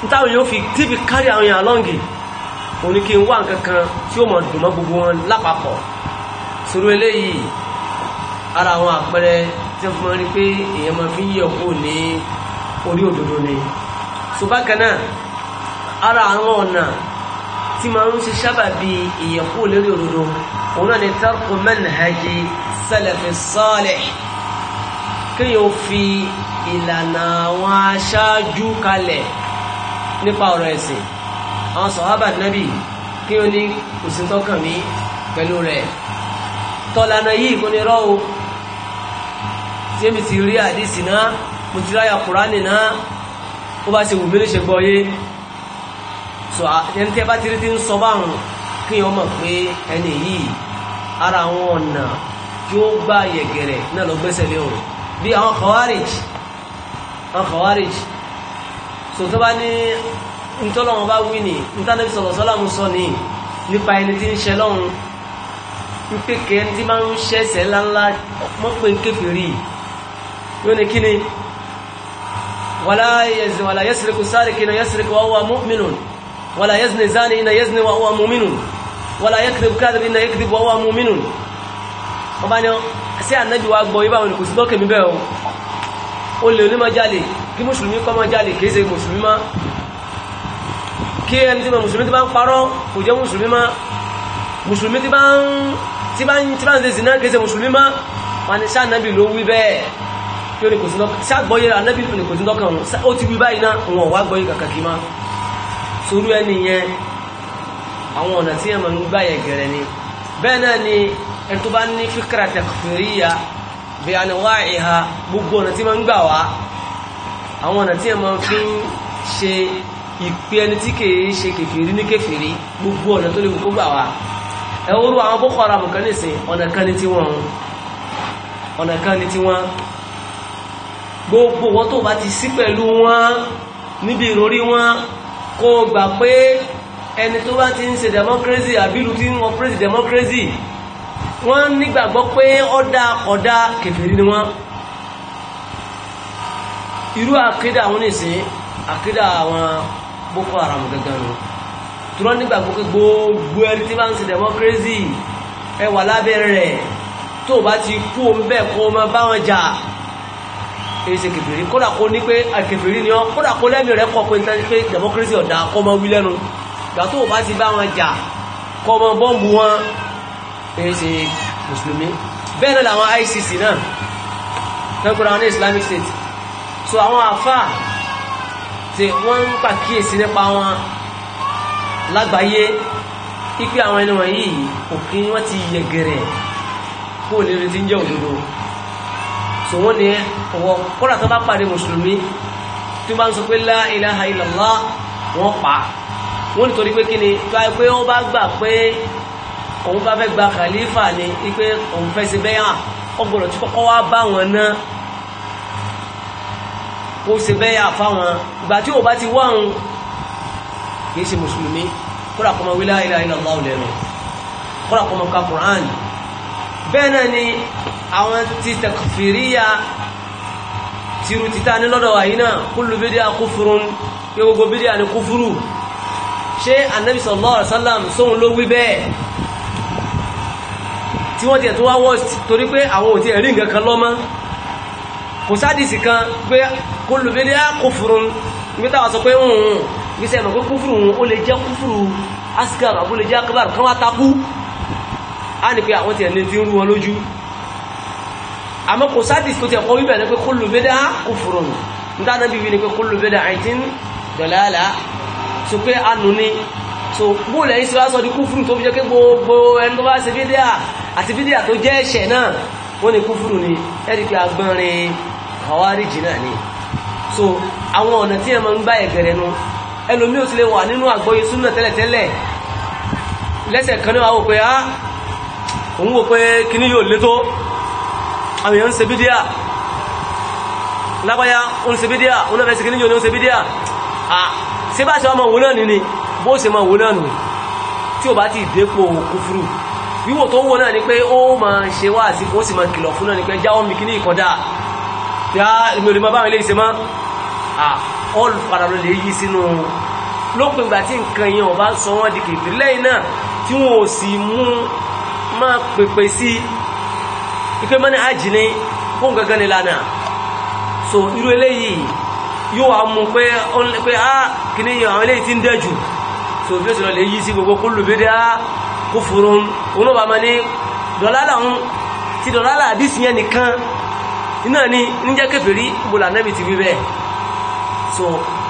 nítawọn yóò fi tí kárí àwọn èèyàn lọ́ngì òun ni kí n wá nǹkan tí ó mọ̀ dùn mọ́ gbogbo wọn lápapọ̀ sọ̀rọ̀ eléyìí ara àwọn àpẹẹrẹ tí wọ́n fi rí pé èèyàn máa fi ń yẹ ní orí òdodo ni ṣùgbọ́n ara àwọn ọ̀nà tí ma ń ṣe sábàbí ìyẹ̀kú lérí òdodo òun náà ni tarku manhaji salafi salih kéèyàn ó fi ìlànà àwọn aṣáájú kalẹ̀ nípa ọ̀rọ̀ ẹ̀sìn àwọn sàhábà nábì kéèyàn ní òsìntọ́kàn mi pẹ̀lú rẹ̀ tọ́lànà yìí kò ní rọ́wọ́ tí èmi ti rí àdìsí náà mo ti ráyà kùránì náà ó bá ṣe wù mí ní ṣe gbọ́ yé so ẹni tí ẹ bá ti rí ti ń sọ báwọn kí wọ́n mọ̀ pé ẹni yìí ara àwọn ọ̀nà tí ó gbá yẹ̀gẹ̀rẹ̀ náà lọ gbẹ́sẹ̀ lé òun bí àwọn khawarij àwọn khawarij so tó bá ní ntọ́lọ́wọ́n bá wí ní ntánẹ́bí sọ̀rọ̀ sọ́làmù sọ ni nípa ẹni tí ń ṣe lọ́hun ń pè kẹ́ ẹni tí máa ń ṣẹ̀ṣẹ̀ ńláńlá mọ́pẹ́ kékeré yóò ní kí ni wàlá yasriqu sariqu náà yasriqu wa huwa mu'minun ولا يزني زاني إن يزني وهو مؤمن ولا يكذب كاذب إن يكذب وهو مؤمن ọba ni ṣé ànájú wa gbọ́ ibà wọn kò sí lọ́kẹ̀ mi bẹ́ẹ̀ o o lè onímọ̀ jalè kí mùsùlùmí kọ́ mọ̀ jalè kìí ṣe mùsùlùmí má kí ẹni tí ma mùsùlùmí ti bá ń parọ́ kò jẹ́ mùsùlùmí má mùsùlùmí ti bá ń tí bá ń tí bá ń ṣe sìnà kìí ṣe mùsùlùmí má wà ní ṣé ànábì ló wí bẹ́ẹ̀ kí o ní kò sí lọ́kẹ̀ ṣé àgbọ́yé ànábì ó ti wí báyìí ná wọn ò wá gbọ́yé kàkàkì má sorú ẹni yẹn àwọn ọ̀nà tí yẹn mọ̀ ń gbà yẹn gẹ̀rẹ̀ ni bẹ́ẹ̀ náà ni ẹni tó bá ní fíkra takfiriya bí a ní wá ìhà gbogbo ọ̀nà tí wọ́n ń gbà wá àwọn ọ̀nà tí yẹn mọ̀ fi ń ṣe ìpè ẹni tí kìí ṣe kèfèrí ní kèfèrí gbogbo ọ̀nà tó lè kó gbà wá ẹ wúru àwọn Boko Haram kan níbi ìròrí wọn kó gbà pé ẹni tó bá ti ń ṣe democracy àbílù tí wọ́n praise democracy wọ́n nígbàgbọ́ pé ọ̀dà ọ̀dà kèfèrí ni wọ́n irú àkídà àwọn nìsín àkídà àwọn boko haram gangan nù tọ́lọ́ nígbàgbọ́ pé gbogbo ẹni tí bá ń ṣe democracy ẹ wà lábẹ́ rẹ̀ tó bá ti kú òun bẹ́ẹ̀ kó o máa bá wọn jà èyí ṣe kèfèrí kódà kó ní pé kèfèrí ni ọ́ kódà kó lẹ́mìí rẹ̀ kọ̀ pé nítorí pé democracy ọ̀dà kọ́ mọ́ wí lẹ́nu ìgbà tó o bá ti bá wọn jà kọ́ mọ́ bọ́ǹbù wọn èyí ṣe mùsùlùmí bẹ́ẹ̀ náà làwọn ICC náà tẹ́kùrọ̀ àwọn Islamic State so àwọn àfáà tí wọ́n ń pàkíyèsí nípa wọn lágbàáyé pípé àwọn ẹni wọ̀nyí òkè wọ́n ti yẹgẹrẹ kó o lè retí ń jẹ́ òdodo so wọ́n ní ọwọ́ kọ́lá tó bá pàdé mùsùlùmí tí wọ́n bá ń sọ pé la ilaha illallah wọ́n pa wọ́n nítorí pé kí ni tó ayé pé ó bá gbà pé òun bá fẹ́ gba khalifa ni wípé òun fẹ́ ṣe bẹ́yà ọgbọ̀rọ̀ tí kọ́kọ́ wá bá wọn náà kó ṣe bẹ́yà fáwọn ìgbà tí ò bá ti wá òun kìí ṣe mùsùlùmí kódà kọmọ wílá ilaha illallah lẹ́nu kódà kọmọ ka Qur'an bẹ́ẹ̀ náà ni àwọn ti takfiriya tìrù títà ní lọ́dọ̀ wà yìí náà kullu bídíà kúfurun pé gbogbo bídíà ní kúfurù ṣé anabi sallallahu alaihi wasallam sóhun ló wí bẹ́ẹ̀ tí wọ́n tiẹ̀ tó wá worst torí pé àwọn ò tiẹ̀ rí nǹkan kan lọ́mọ́ kò sádìsì kan pé kullu bídíà kúfurun níbi táwọn sọ pé ń hùn gbísẹ̀ mọ̀ pé kúfurù ó lè jẹ́ kúfurù asgar àbúlé jẹ́ akbar kan wá takú á ní pé àwọn tiẹ̀ ní ti ń rú wọn lójú ama kò sáàdì tó ti ẹ̀kọ́ wíbẹ̀ ní pé kullu bid'a kufrun níta náà bíbí ni pé kullu bid'atin dalala so pé anù ni so bóòlù ẹ̀yìn síwá sọ di kúfùrù tó fi jẹ́ pé gbogbo ẹni tó bá ṣe bídíà àti bídíà tó jẹ́ ẹ̀ṣẹ̀ náà wọ́n ni kúfùrù ni ẹ̀rí pé agbọ́nrin khawariji náà ni so àwọn ọ̀nà tí ẹ̀ máa ń gbá ẹ̀gẹ̀rẹ̀ nu ẹlòmíì ò ti lè wà nínú àgbọ́yé súnà tẹ́lẹ̀tẹ́lẹ̀ lẹ́sẹ̀ kan náà wò pé á ah, òun wò pé kíní yóò lé tó àwọn èèyàn ń ṣe bídíà lágbáyá ó ń ṣe bídíà ó náà fẹ́sí kíníjò ní ó ń ṣe bídíà à ṣé bá ṣe wá máa wò náà nìní bó ṣe máa wò náà nù tí ò bá ti dépò kúfúrú wíwò tó wò náà ni pé ó máa ṣe wá àsìkò ó sì máa kìlọ̀ fún náà ni pé jáwọ́ mi kíní ìkọ̀dá yá èmi máa bá àwọn eléyìí ṣe mọ́ à ah, ó padà lọ lè yí sínú lópin ìgbà tí nǹkan yẹn ò bá sọ wọ́n di kèfì náà tí wọn ò sì mú máa pèpè sí i ipe mọ́ni ájì ní fún gangan lana. so iru eléyìí yóò wá mú pé pé a kìíní àwọn eléyìí ti ń dẹ́jù so bí ó sì lọ lè yí sí gbogbo kullu bid'a kufurun òun bá máa ní dọ̀lálà ń ti dọ̀lálà àdísì yẹn nìkan iná ni níjẹ́ kèfèrí ìbòlà nẹ́bì ti wí bẹ́ẹ̀ so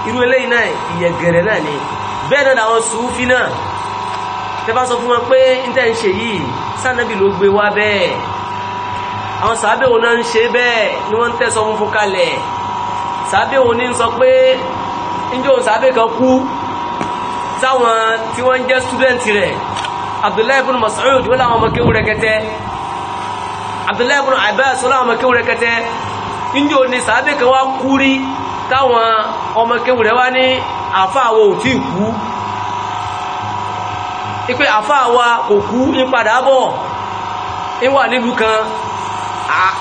iru eléyìí náà ìyẹ̀gẹ̀rẹ̀ náà ni bẹ́ẹ̀ náà àwọn sùúfí náà tẹ́ bá sọ fún wọn pé ń ń ṣe yìí sànẹ́bì ló gbé wá bẹ́ẹ̀ àwọn sàábẹ̀ òun náà ń ṣe bẹ́ẹ̀ ni wọ́n ń tẹ̀sọ́ funfun kalẹ̀ sàábẹ̀ òun ní sọ pé njẹ́ òun sàábẹ̀ kan kú sáwọn tí wọ́n ń jẹ́ stúdẹ̀ǹtì rẹ̀ Abdullahi ibn Mas'ud wọ́n làwọn ọmọ kéwù rẹ̀kẹtẹ́ Abdullahi ibn Abbas wọ́n làwọn ọmọ kéwù rẹ̀kẹtẹ́ njẹ́ òun ní sàábẹ̀ kan wá kú rí táwọn ọmọ kéwù rẹ̀ wá ní padà bọ̀ ń nílùú kan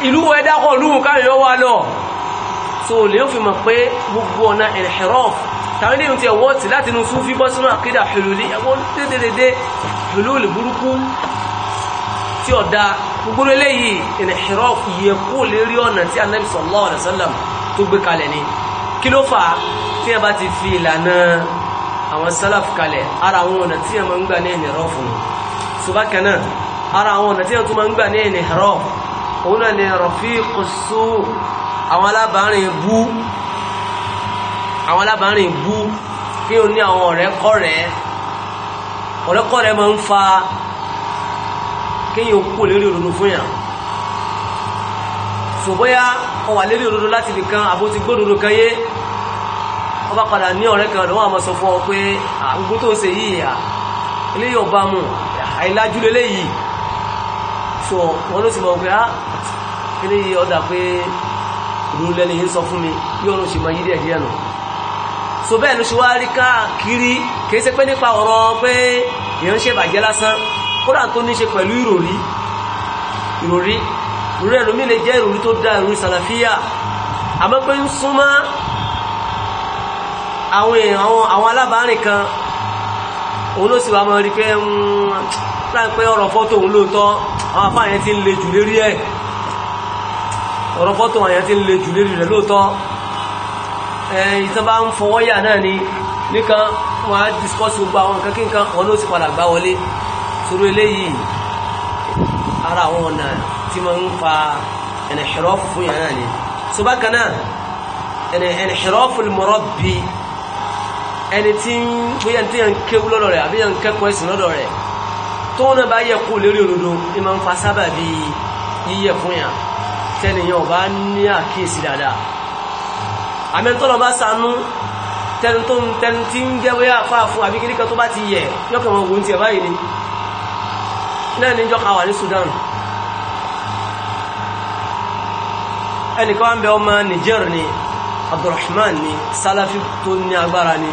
ìlú ẹ̀dá kọ̀ lúwù káàrí yọ wá lọ so lè ó fi mọ̀ pé gbogbo ọ̀nà inhiraf tàbí lè ti ẹ̀wọ́ ti láti inú súnfí bọ́ sínú àkídà hululi ẹ̀wọ́n dédédédé hululi burúkú tí ọ̀dá gbogbo eléyìí inhiraf yẹ kó lè rí ọ̀nà tí anabi sallallahu alaihi wasallam tó gbé ni kí ló fà á tí ẹ bá ti fi ìlànà àwọn salaf kalẹ̀ ara àwọn ọ̀nà tí ẹ máa ń gbà ní inhiraf fún un ara àwọn ọ̀nà tí ẹ tún máa ń gbà ní inhiraf òun náà ni rọ̀fíìkù sú àwọn alábàárìn bú àwọn alábàárìn bú kí o ní àwọn ọ̀rẹ́kọ̀rẹ́ ọ̀rẹ́kọ̀rẹ́ máa ń fa kéèyàn kú lérí òdodo fún yàn ṣùgbọ́yá ọ wà lérí òdodo láti fi kan àbó ti gbódodo kan yé ọ bá padà ní ọ̀rẹ́ kan lọ́wọ́ àmọ́ sọ fún ọ pé àgbógbó tó ń ṣe yìí à eléyìí ọba mu àìlájú lélẹ́yìí sọ wọn ló sì mọ̀ pé ah eléyìí ọ̀dà pé òdòdó lẹ́nu yìí ń sọ fún mi bí ọ̀run ṣe mọ yí díẹ̀ díẹ̀ nù so bẹ́ẹ̀ ló ṣe wá rí káàkiri kìí ṣe pé nípa ọ̀rọ̀ pé èèyàn ń ṣe bàjẹ́ lásán kódà tó ní ṣe pẹ̀lú ìròrí ìròrí ìròrí ẹlòmí lè jẹ́ ìròrí tó dá ìròrí sàlàfíà àmọ́ pé ń súnmọ́ àwọn èèyàn àwọn alábàárìn kan òun ló sì wá mọ́ rí pé ń hmm, láì pé ọ̀rọ̀ fọ́tò òun lóòótọ́ àwọn afá yẹn ti ń le jù lérí ẹ̀ ọ̀rọ̀ fọ́tò àwọn yẹn ti ń le jù lérí rẹ̀ lóòótọ́ ìtàn bá ń fọwọ́ yà náà ni nìkan wọ́n á discourse gbogbo àwọn nǹkan kí nǹkan wọn ló ti padà gbá wọlé sórí eléyìí ara àwọn ọ̀nà tí máa ń fa inhiraf fún yàn náà ni so bákan náà inhiraf al-murabbi ẹni tí ń bóyá ní tí yàn ń kéwú lọ́dọ̀ rẹ̀ àbí yàn ń kẹ́kọ̀ọ́ ẹ̀sìn lọ́dọ̀ rẹ̀ tó ń bá yẹ kó lérí òdodo ní máa ń fa sábà bí yíyẹ fún yàn tẹ́nìyàn bá ní àkíyèsí dáadáa àmẹ́tọ́lọ́ bá sanú tẹni tó ń tẹni tí ń jẹ́ wíyà fáà fún àbí tó bá ti yẹ yọ́kàn wọn ogun ti ẹ̀ báyìí ni náà ní jọ́ka wà ní Sudan ẹnìkan wá ń bẹ ọmọ Niger ni Abdulrahman ni Salafi tó ní agbára ni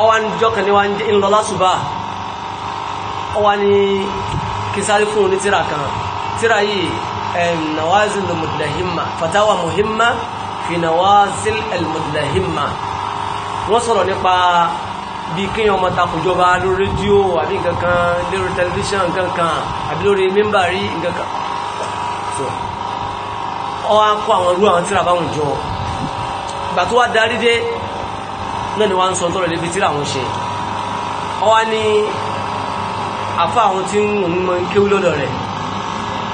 ọwọ́ jọ́ka ni wọ́n ń lọ lásùbà ó wá ní kìsáré fún un ní tíra kan tíra yìí nawazil mudlahimma fatawa muhimma fi nawazil mudlahimma wọ́n sọ̀rọ̀ nípa bí kíyàn ọmọ takùjọba lórí rédíò àbí nǹkankan lórí tẹlifíṣàn nǹkankan àbí lórí mímbàrí nǹkankan ọ wá kó àwọn irú àwọn tíra báwọn jọ ìgbà tó wá darí dé náà ni wọ́n á ń sọ tọrọ lébi tíra wọn ṣe ọ wá ní àfa àwọn tí òun mọ kéwú lọ́dọ̀ rẹ̀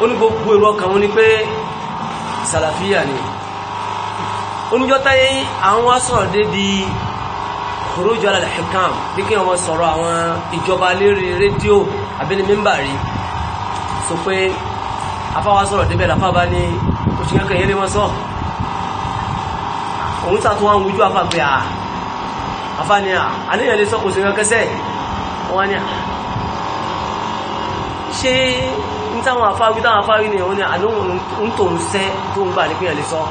ó ní gbogbo èrò ọkàn wọn ni pé sàlàfíà ni oníjọ́táyé àwọn wá sọ̀rọ̀ débi kòrójọ́ alàlẹ́kàn bí kí wọ́n sọ̀rọ̀ àwọn ìjọba lérí rédíò abẹ́ni mẹ́mbà rí sọ pé afáwá sọ̀rọ̀ débẹ̀ làfáàbá ní oṣù kẹ́kẹ́ yẹn lé wọ́n sọ òun sàtún wọn wújú afá pé à afá ni à àníyàn lè sọ oṣù kẹ́kẹ́ sẹ́ wọ́n ní à ṣé ní táwọn afáwí táwọn afáwí ni òun ni àlóhùn ń tó ń sẹ́ tó ń gbà ní pé ẹ̀ sọ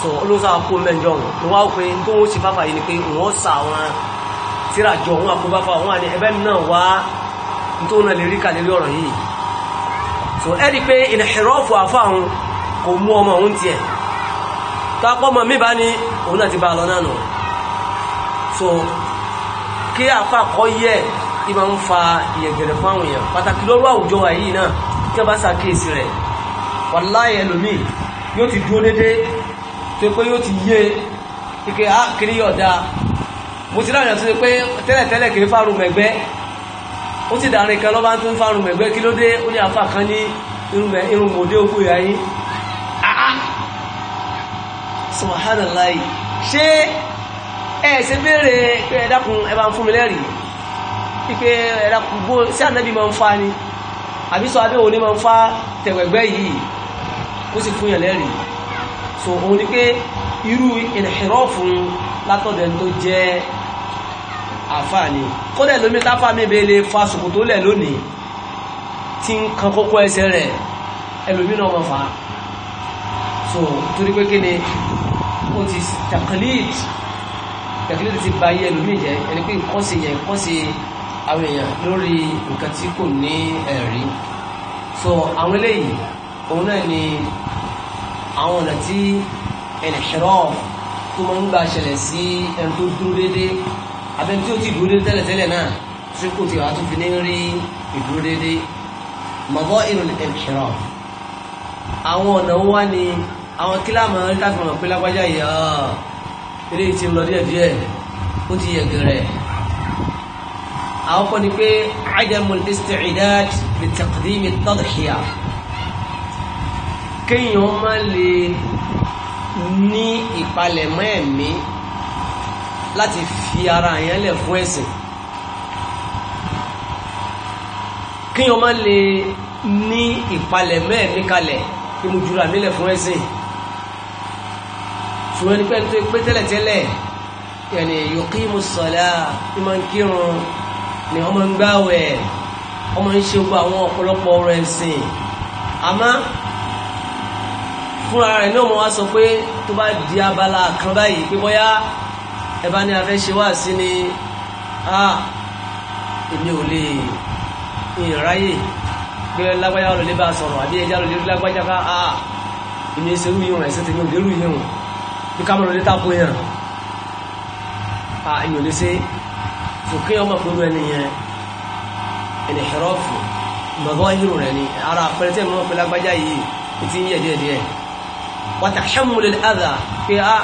sọ olóńsá mẹ́jọ òun ni wọ́n á pé tó ń ṣe fáfà yìí ni pé wọ́n sa àwọn tíra wọn àpò fáfà wọn àni ẹbẹ́ náà wá tó náà lè rí kàlérí ọ̀rọ̀ yìí so ẹ́rí pé ìnàṣẹ̀rọ́fù àfáhùn kò mú ọmọ òun tiẹ̀ tọ́pọ̀ mọ̀ mí bá ní òun náà ti bá lọ náà nù so kí àfá kọ́ yẹ́ tí máa ń fa ìyẹ̀gẹ̀rẹ̀ fún àwọn èèyàn pàtàkì lọ́rọ̀ àwùjọ wa yìí náà tí wọ́n bá ṣàkíyèsí rẹ̀ wàláyé ẹlòmíì yóò ti dúró dédé tó pé yóò ti yé ike á kiri ọ̀dà mo ti láàrin àti pé tẹ́lẹ̀tẹ́lẹ̀ kì í fárun mẹ̀gbẹ́ ó ti dàrin kan lọ́ba tó ń fárun mẹ̀gbẹ́ kí ló dé ó ní àfa kan ní irun mòdé ogún ìyá yín ah, ah. subhanallah ṣé ẹ ṣe béèrè pé ẹ dákun ẹ bá ń fún mi lẹ́rìí pípé ẹ̀rà kùgbó sí ànábì máa ń fa ni àbí sọ abẹ́ òní máa ń fa tẹ̀wẹ̀gbẹ́ yìí kó sì fún yàn lẹ́rìí so òun ni pé irú ìrìnàṣẹ́rọ̀ fún látọ̀dẹ̀ tó jẹ́ àfààní kódẹ̀ lómi táfà mi bẹ́ẹ̀ lè fa sòkòtò lẹ̀ lónìí tí ń kan kókó ẹsẹ̀ rẹ̀ ẹlòmí náà máa fa so torí pé kíni ó ti tàkìlìd tàkìlìd ti ba yé ẹlòmí jẹ ẹni pé nǹkan sì yẹ nǹkan sì yẹ àwọn èèyàn lórí nǹkan tí kò ní ẹ̀rí so àwọn eléyìí òun náà ni àwọn ọ̀nà tí ẹnìṣẹ́rọ̀ tó máa ń gbà ṣẹlẹ̀ sí ẹni tó dúró déédéé abẹ́ni tí ó ti dúró déédéé tẹ́lẹ̀tẹ́lẹ̀ náà tí kò tí wàá tó fi ní rí ìdúró déédéé mọ̀bọ́ ìrùn ẹnìṣẹ́rọ̀ àwọn ọ̀nà wá ni àwọn kíláàmù láti mọ̀ pé lágbájá yìí ah, eré ti ń lọ díẹ̀díẹ̀ ó ti yẹ gẹ̀rẹ̀ àwọn kọ́ ni pé adamu isti'dad bi taqdim at-tadhiya kéèyàn má lè ní ìpalẹ̀mọ́ ẹ̀mí láti fi ara yẹn lẹ̀ fún ẹ̀sìn kéèyàn má lè ní ìpalẹ̀mọ́ ẹ̀mí kalẹ̀ kí mo jura mi lẹ̀ fún ẹ̀sìn ṣùgbọ́n ní pẹ́ẹ́ni pé tẹ́lẹ̀tẹ́lẹ̀ yẹn ni yuqimu s ìmọ̀ ń ni wọ́n máa ń gbàwẹ̀ wọ́n máa ń ṣe gbogbo àwọn ọ̀pọ̀lọpọ̀ ọ̀rọ̀ ẹ̀sìn àmọ́ fúnra rẹ̀ náà mo wá sọ pé tó bá di abala kan báyìí pé bóyá ẹ bá ní afẹ́ ṣe wá sí ni èmi ò lè ìráyè pé lágbájá olùlé bá sọ̀rọ̀ àbí ẹja olùlé lágbájá ká èmi ṣe irú yìí ẹ̀sìn tèmi ò lérú yìí hàn bí ká mọ̀ lórí tako yàn èmi ò lè ṣe sòkè يوم pẹ̀lú ẹni يعني ẹni ṣẹ̀rọ̀fù mọ̀gọ́ hírò rẹ̀ ni ara àpẹẹrẹ tẹ́ mọ́ pẹ̀lú agbájá yìí ti ń yẹ̀ díẹ̀ díẹ̀ wàtà ṣàmúlẹ̀ àdà pé á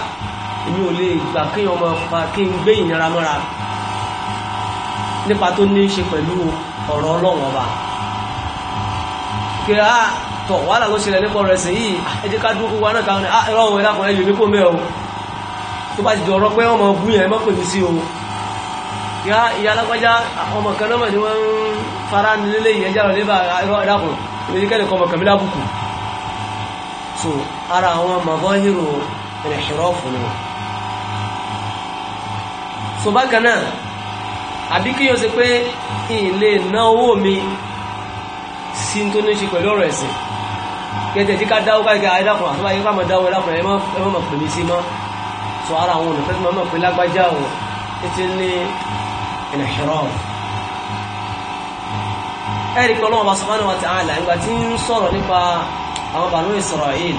èmi ò lè gbà kí ọmọ fa kí n gbé ìnira mọ́ra nípa tó ní í ṣe pẹ̀lú ọ̀rọ̀ wàhálà ló ṣẹlẹ̀ nípa ọ̀rọ̀ ẹ̀sìn yìí ẹ ká dúró wa náà káwọn ẹ̀rọ ọ̀hún ẹ̀dá kan ẹ̀yọ̀ mi kò mẹ́ o tó bá ti di ọ̀rọ̀ pé ọmọ bú yẹn mọ́pẹ̀lú sí o ìyá ìyá alágbájá ọmọ kan náà ni wọ́n ń fara nílé ìyẹn jára lébà ìdákùn ìdíkẹ́lẹ̀ kọmọ kàmílá bùkù so ara àwọn mọ̀bọ́ hírò ìrìnṣẹ́rọ́ fún wọn so bákan náà àbí kí yóò ṣe pé ilé ná owó mi sí tó ní ṣe pẹ̀lú ọ̀rọ̀ ẹ̀sìn kẹtẹ̀ tí ká dáwó káàkiri àìdákùn àtúbà yíká mọ̀ dáwó ẹ̀dákùn ẹ̀ mọ̀ pè mí sí mọ́ so ara àwọn olùfẹ́ tí mọ̀ pé lágbájá ò ti ní inhiraf ẹ̀rí pé ọlọ́run subhanahu wa ta'ala ìgbà tí ń sọ̀rọ̀ nípa àwọn Banu Israel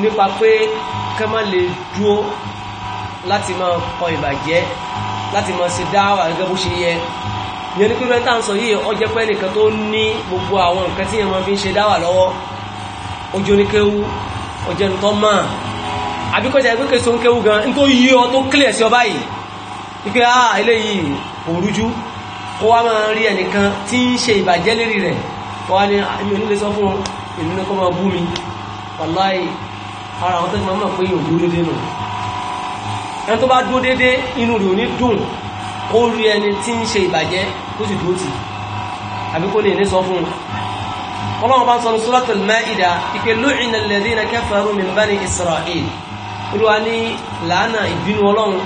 nípa pé kẹ́ má lè dúó láti máa kọ ìbàjẹ́ láti máa ṣe dáwà gẹ́gẹ́ bó ṣe yẹ ìyẹn ní pípẹ́ tá à ń sọ yìí ó jẹ́ pé nìkan tó ní gbogbo àwọn nǹkan tí yẹn máa fi ń ṣe dáwà lọ́wọ́ ojú oníkéwu ọjọ́ nìkan máa àbíkọ́jà ìgbékèso ń kéwu gan nítorí yí ọ tó kílẹ̀ sí ọ báyìí ike ah eléyìí kò rújú ó wá máa rí ẹnìkan tí ń ṣe ìbàjẹ́ lérí rẹ̀ wọ́n ní àmì ah, onílé sọ fún ìlú ní kọ́ máa bú mi wàláì ara àwọn tẹ́lẹ̀ máa pé yóò dúró dédé nù ẹni tó bá dúró dédé inú rẹ̀ ò ní dùn ó rí ẹni tí ń ṣe ìbàjẹ́ ó sì dúró tì àbí kó lè ní sọ fún ọlọ́run bá ń sọ ní suratul Maida ike lu'ina alladhina kafaru min bani Isra'il olúwa ní làánà ìbínú ọlọ́run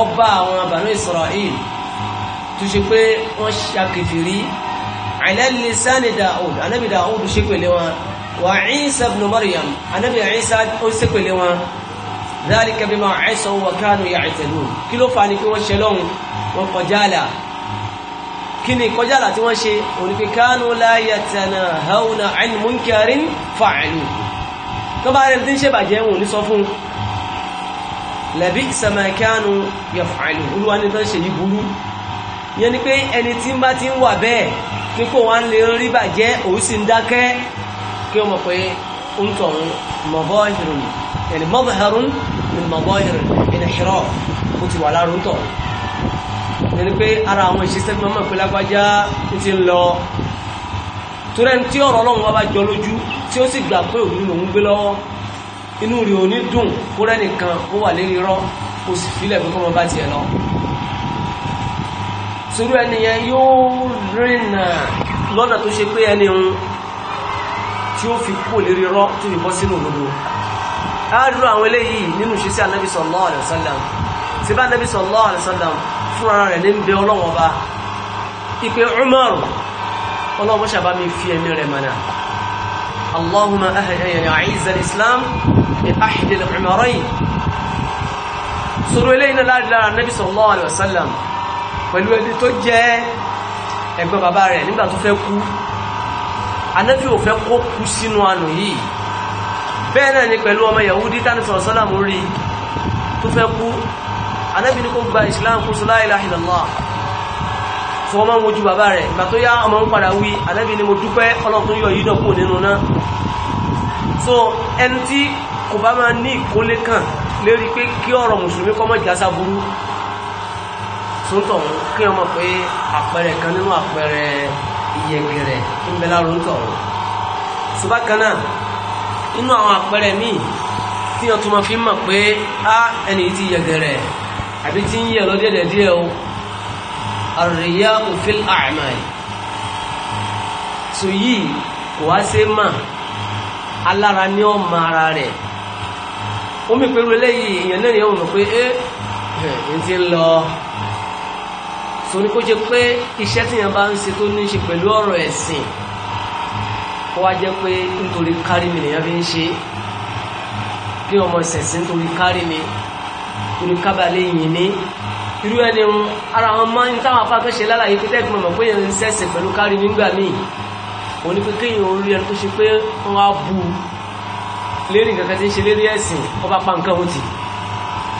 ọba àwọn Banu Isra'il tó ṣe pé wọ́n ṣàkìfìrí ala lisani Daud anábì Daud ṣe pèlè wọn wà Isa ibn Maryam anábì Isa ó ṣe pèlè wọn dhalika bima asaw wa kanu ya'tadun kí ló fa ni kí wọ́n ṣe lọ́hùn wọn kọjá àlà kí ni kọjá àlà tí wọ́n ṣe òníkè kanu la yatanahawna an munkarin fa'alu tó bá rẹ̀ tí ń ṣe bàjẹ́ wọn ò ní sọ fún un lẹ́bí ìsẹ̀mẹ̀kánu yọ̀fàìlù olúwa ní tán ṣe yí burú yẹn ni pé ẹni tí ń bá ti ń wà bẹ́ẹ̀ pé kó wá ń lè rí bàjẹ́ òun sì ń dákẹ́ kí ó mọ̀ pé ń tọ̀hún mọ̀bọ́ ìrìn ẹni mọ̀bọ́ ìrìn ni mọ̀bọ́ ìrìn ẹni ṣírọ̀ ó ti wà lárú tọ̀ yẹn ni pé ara àwọn ìṣiṣẹ́ tí wọ́n mọ̀ pé lágbájá ti ń lọ torẹ́ni tí ọ̀rọ̀ ọlọ́run wá bá jọ lójú tí ó sì gbà pé òun lòún gbé lọ́wọ́ inú rí o ní dùn kó rẹ́nìkan ó wà lérí rán o sì fílẹ̀ pé kọ́mọ bá tiẹ̀ lọ sùúrù ẹni yẹn yóò rìnà lọ́nà tó ṣe pé ẹni hun tí ó fi kú lérí rán tó fi bọ́ sínú òdodo àádúrà àwọn eléyìí nínú ìṣesí anábì sallallahu alaihi wasallam tí bá anábì sallallahu alaihi wasallam fúnra rẹ̀ ní ń bẹ ọlọ́wọ́n bá ìpè Umar ọlọ́wọ́ sábà mi fi ẹ̀mí rẹ̀ mọ́nà اللهم يعني أعز الإسلام بأحد العمرين صلوا eléyìn náà láàrin lára nẹ́bí sallallahu alaihi wasallam pẹ̀lú ẹni tó jẹ́ ẹgbẹ́ bàbá rẹ̀ nígbà tó fẹ́ kú anẹ́bí ò fẹ́ kó kú sínú ànù yìí bẹ́ẹ̀ náà ni pẹ̀lú ọmọ Yahudi tánì sallallahu rí tó fẹ́ kú anẹ́bí ní kó gba Islam kó sọ la so wọ́n máa ń wojú bàbá rẹ̀ ìgbà tó yá ọmọ ń padà wí ànábì ni mo dúpẹ́ ọlọ́tún yọ yìí dọ̀kú nínú náà so ẹni tí kò bá máa ní ìkólé kan lérí pé kí ọ̀rọ̀ mùsùlùmí kọ́ mọ́ jásá burú tó ń tọ̀hún kí wọ́n pé àpẹẹrẹ kan nínú àpẹẹrẹ ìyẹ̀gbẹ̀ rẹ̀ tó ń bẹ láàrú ń tọ̀hún so bákan náà inú àwọn àpẹẹrẹ míì tí wọ́n tún máa fi mọ̀ pé á ẹni tí yẹ̀gẹ̀ rẹ̀ àbí tí ń yẹ̀ lọ́dẹ̀dẹ̀ àríyá òfin àmàlì tó yìí kò wá sí mà alára ní ọmọ ara rẹ̀ ó mi pẹ̀lú eléyìí èèyàn náà yẹn wò pé ẹ eh, ẹ eh, ti ń lọ tó ní kó jẹ pé iṣẹ́ tí yẹn bá ń ṣe tó ní ṣe pẹ̀lú ọ̀rọ̀ ẹ̀sìn kó wá jẹ́ pé nítorí kárí mi nìyẹn fi ń ṣe kí ọmọ ìṣẹ̀sìn nítorí kárí mi nítorí kábàlẹ̀ yìí ní irú ẹni ohun ara àwọn máa ń táwọn afáfẹ́ ṣe lálàyé pé tẹ́gbọ̀n mọ̀ pé ń sẹ́sẹ̀ pẹ̀lú kárí nígbà míì òní pé kéèyàn orí ẹni tó ṣe pé wọ́n á bu lérí nǹkan tí ń ṣe lérí ẹ̀sìn ọba pa nǹkan ohun tì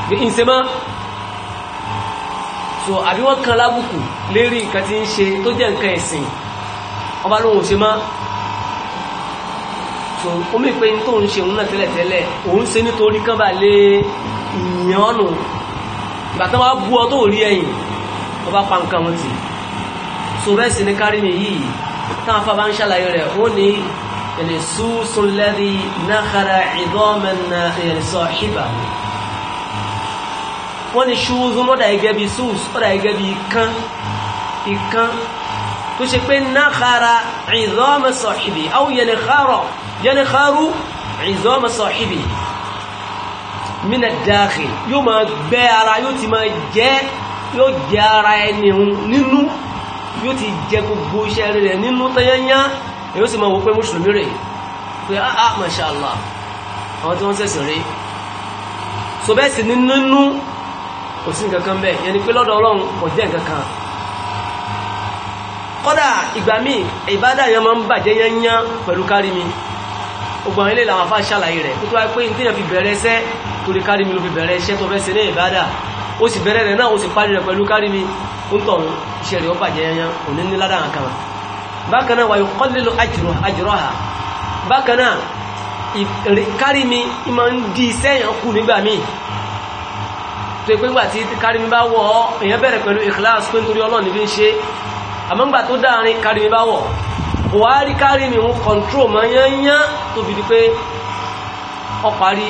bí ń mọ́ so àbí wọ́n kan lábùkù lérí nǹkan tí ń ṣe tó jẹ́ nǹkan ẹ̀sìn ọba lóhun ò ṣe mọ́ so omi pé tó ń ṣe òun náà tẹ́lẹ̀tẹ́lẹ̀ òun ṣe nítorí kán bá lé ìyànnù bàtán wá bú ọ tó rí ẹ̀yìn wọ́n bá pa nǹkan wọn tì sùrẹ́sì ní kárí mi yìí táwọn afá bá ń ṣàlàyé rẹ̀ ó ní ẹni sùúsùn lẹ́rí náhara ìdọ́mẹ̀nà ẹ̀sọ́ ṣíbà wọ́n ní ṣùúsùn ó dà gẹ́gẹ́ bí sùús ó dà gẹ́gẹ́ bí tó ṣe pé náhara ìdọ́mẹ̀sọ̀ ṣíbì áwùyẹnì xarọ̀ yẹnì xarú ìdọ́mẹ̀sọ̀ mina daaxil yóò máa gbẹ́ ara yóò ti máa jẹ́ yóò jẹ́ ara ẹni nínú yóò ti jẹ gbogbo iṣẹ́ rẹ̀ nínú tẹ́yẹ́yá yóò sì máa wò pé mùsùlùmí rẹ̀ pé áá ah, ah, màṣàlá àwọn tí wọ́n sẹ̀sìn rí so bẹ́ẹ̀ sì ní nínú kò sí nǹkan kan bẹ́ẹ̀ yẹn ni pé lọ́dọ̀ ọlọ́run kò jẹ́ nǹkan kan kódà ìgbà míì ìbádà yẹn máa ń bàjẹ́ yányán pẹ̀lú kárí mi gbogbo àwọn ilé làwọn afá ṣàlàyé rẹ̀ kó wáyé pé ní tí yẹn fi bẹ̀rẹ̀ ẹsẹ́ torí kárí mi ló fi bẹ̀rẹ̀ iṣẹ́ tó fẹ́ ṣe ní ìbádà ó sì bẹ̀rẹ̀ rẹ̀ náà ó sì parí rẹ̀ pẹ̀lú kárí mi ó ń tọ̀ iṣẹ́ rẹ̀ ó bàjẹ́ yanyan kò ní ní ládàá kan bákan náà wàyí kọ́lélò àjùrọ̀ ha bákan náà kárí mi máa ń di iṣẹ́ yẹn kù nígbà míì tó yẹ pé ńgbà tí kárí mi bá wọ̀ ọ́ èèyàn bẹ̀rẹ̀ pẹ̀lú ìkíláàsì pé nítorí Ọlọ́run fi ń ṣe àmọ́ tó dáàrin kárí mi bá wọ̀ buhari kárí mi ń kọ̀ntró mọ́ yányán tó di pé ọ parí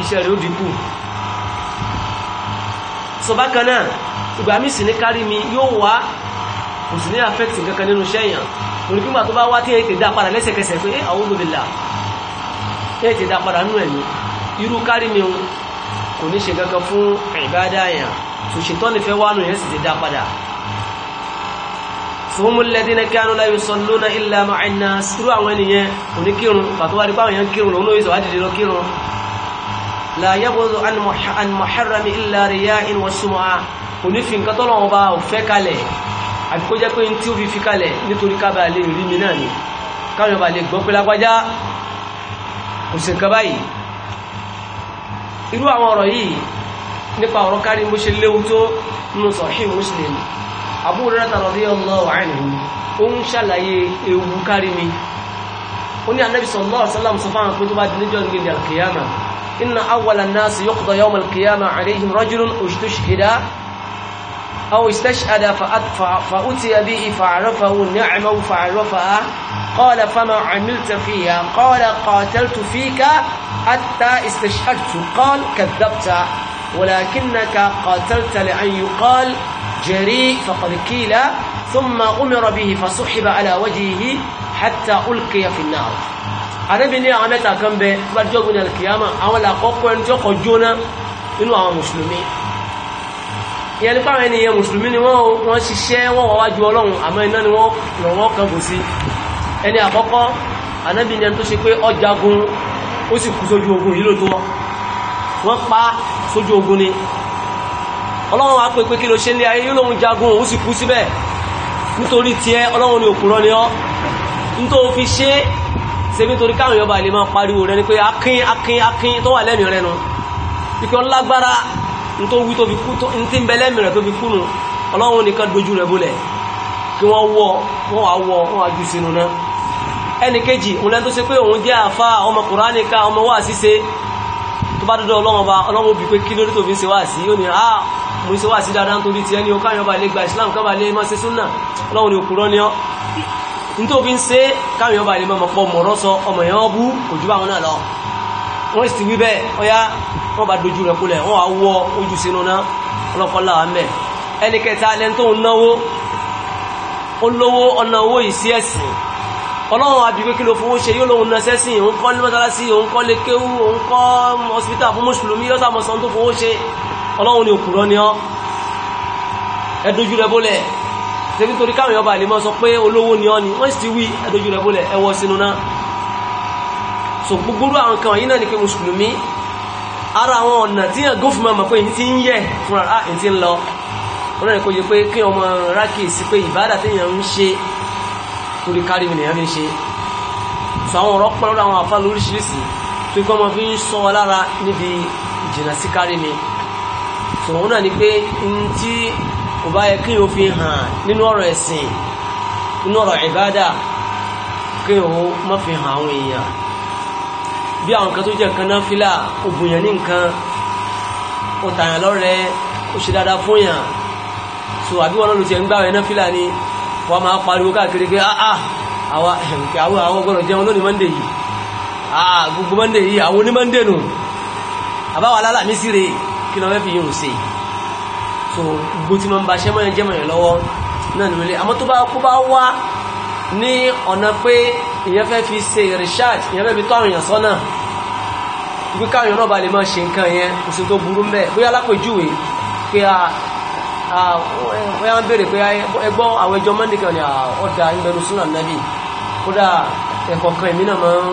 iṣẹ́ rẹ̀ ó dínkù so bákan náà ìgbà mi sì ní kárí mi yóò wá kò sì ní affect kankan nínú iṣẹ́ èèyàn olùkígbà tó bá wá tí èyí ti dá padà lẹ́sẹ̀kẹsẹ̀ pé eh, a'udhu billah èyí ti dá padà nínú ẹ̀mí irú kárí mi kò ní ṣe kankan fún ìbádà èèyàn sòṣètọ́ nífẹ̀ẹ́ wánu yẹn sì ti dá padà fòmù lẹ́dínà kánú láyé sọlú na ilẹ̀ àmà àìnà sírú àwọn ènìyàn oníkírun pàtó wá rí báwọn èèyàn kírun lónà ìsọ̀ àdìdì lọ kírun la yabghudu an muharram illa riya'in wa sum'a kò ní fi nǹkan tọ́lọ́wọ́n bá òfẹ́ kalẹ̀ àbí kó jẹ́ pé tí ó fi fi kalẹ̀ nítorí kábàá lè rí mi náà ni káwọn ọba lè gbọ́ pé lágbájá kò sí nǹkan báyìí irú àwọn ọ̀rọ̀ yìí nípa ọ̀rọ̀ kárí mo ṣe léwu tó nínú Sahih Muslim Abu Hurairah radiyallahu anhu ó ń ṣàlàyé ewu kárí mi ó ní Ànábì sallallahu alaihi sọ fáwọn pé tó bá di níjọ́ nígbè إن أول الناس يقضى يوم القيامة عليهم رجل استشهد أو استشهد فأتي به فعرفه نعمه فعرفها قال فما عملت فيها قال قاتلت فيك حتى استشهدت قال كذبت ولكنك قاتلت لأن يقال جريء فقد قيل ثم أمر به فصحب على وجهه حتى ألقي في النار Ànábì ní àwọn mẹ́ta kan bẹ bá jọ́gbìn alkiyama àwọn làkọ́kọ́ ẹni tí ó kọ̀ jóná nínú àwọn mùsùlùmí ìyẹn nípa àwọn ènìyàn mùsùlùmí ni wọ́n wọ́n ṣiṣẹ́ wọ́n wọ́n wájú ọlọ́run àmọ́ iná ni wọ́n rọ̀wọ́ kan kò sí ẹni àkọ́kọ́ Ànábì ní ẹni tó ṣe pé ó jagun ó sì kú sójú ogun yìí lóòótọ́ wọ́n pa sójú ogun ni ọlọ́run wá pé pé kí ló ṣe ń lé ayé yóò lóun jagun òun sì kú síbẹ̀ nítorí tí ẹ ọlọ́run ní òkúrọ́ ni ọ́ ní tó fi ṣe ṣe nítorí káwọn yọba lè máa pariwo rẹ ni pé akín akín akín tó wà lẹ́mìí rẹ nu ìpè ọlágbára ní tó wí tó fi kú ní tí ń bẹ lẹ́mìí rẹ tó fi kú nu ọlọ́run nìkan dojú rẹ bolẹ̀ kí wọ́n wọ wọ́n wá wọ wọ́n wá ju sínú náà ẹnì kejì òun lẹ́nu tó ṣe pé òun jẹ́ àfa ọmọ kùránì ká ọmọ wá ṣíṣe tó bá dúdú ọlọ́run ọba ọlọ́run ó bi pé kí lórí tó fi ń ṣe wá sí yóò ní mo ṣe wá sí dáadáa nítorí tiẹ̀ ní o káyọ̀ bá lè gba islam ká bá lè máa ṣe súnà ọlọ́run ni òkúrọ́ ni ọ́ nítorí ń ṣe káyọ̀ bá lè máa pọ̀ mọ̀rọ́ sọ ọmọ yẹn wọ́n bú kò jú báwọn náà lọ wọ́n sì ti wí bẹ́ẹ̀ ọ̀yá wọ́n bá dojú rẹ̀ kulẹ̀ wọ́n á wọ ojú sínú náà ọlọ́kọ́ làwọn mẹ́ ẹnì kẹta lẹ́ni tó ń náwó olówó ọ̀nà owó yìí sí ẹ̀sìn ọlọ́run àbígbé kí ló fowó ṣe yóò lóun náṣẹ́ sí òun kọ́ ní mọ́sálásí òun kọ́ lè kéwú òun kọ́ hospital fún mùsùlùmí lọ́sàmọ̀sán tó fowó ṣe ọlọ́run ni òkúrọ́ ni ọ́ ẹdójú rẹ bólẹ̀ tẹ́bí torí káwọn èèyàn bá sọ pé olówó ni ọ́ ni wọ́n sì ti wí ẹdójú rẹ ẹwọ́ sínú náà so gbogbo àwọn kan yìí náà ni pé mùsùlùmí ara àwọn ọ̀nà tí yàn gófin máa mọ̀ pé èyí ti ń yẹ̀ fúnra á ah, èyí ti ń lọ wọn náà ni kò yẹ pé kí ọmọ rákèsí pé ìbádà tí yàn ń ṣe torí kárí mi nìyàn fi ń ṣe so àwọn ọ̀rọ̀ pẹ́ lọ́dọ̀ àwọn àfa lóríṣiríṣi tó kọ́ ọmọ fi ń sọ ọ lára níbi ìjìnà sí kárí mi sòwọ́n náà ni pé ntí kò bá yẹ kéèyàn fi hàn nínú ọ̀rọ̀ ẹ̀sìn nínú ọ̀rọ̀ ìbádà kéèyàn ó má fi hàn àwọn èèyàn bí àwọn kan tó jẹ́ nǹkan náfìlà òbòyàn ní nǹkan ó tàyàn lọ́rẹ̀ẹ́ ó ṣe dáadáa fún yàn so àbí wọn lọ́lọ́ tiẹ̀ ń gbáwẹ̀ náfìlà ni wọ́n máa pariwo káàkiri pé áá àwọn àwọn ọgọ́rọ̀ jẹun lónìí mọ́ndé yìí ah, gbogbo mọ́ndé yìí àwọn onímọ́ndé nù àbáwọ̀ alálàmísí rèé kí lọ fẹ́ fi yóò ṣe so gbogbo tí wọ́n bá ṣẹ́ mọ́yẹn jẹ́ mọ́yẹn lọ́wọ́ náà ní wọlé àmọ́ tó bá kó bá wá ní ọ̀nà pé ìyẹn fẹ́ fi ṣe research ìyẹn fẹ́ fi tó àwọn èèyàn sọ́nà wípé káwọn náà bá lè máa ṣe nǹkan yẹn kò sí tó burú mbẹ bóyá lápèjúwe pé a bóyá ń béèrè pé ẹgbọ́n àwọn ẹjọ́ mọ́ndé kan ní ọ̀dà ìbẹ̀rù súnà nàbì kódà ẹ̀kọ́ kan èmi náà máa ń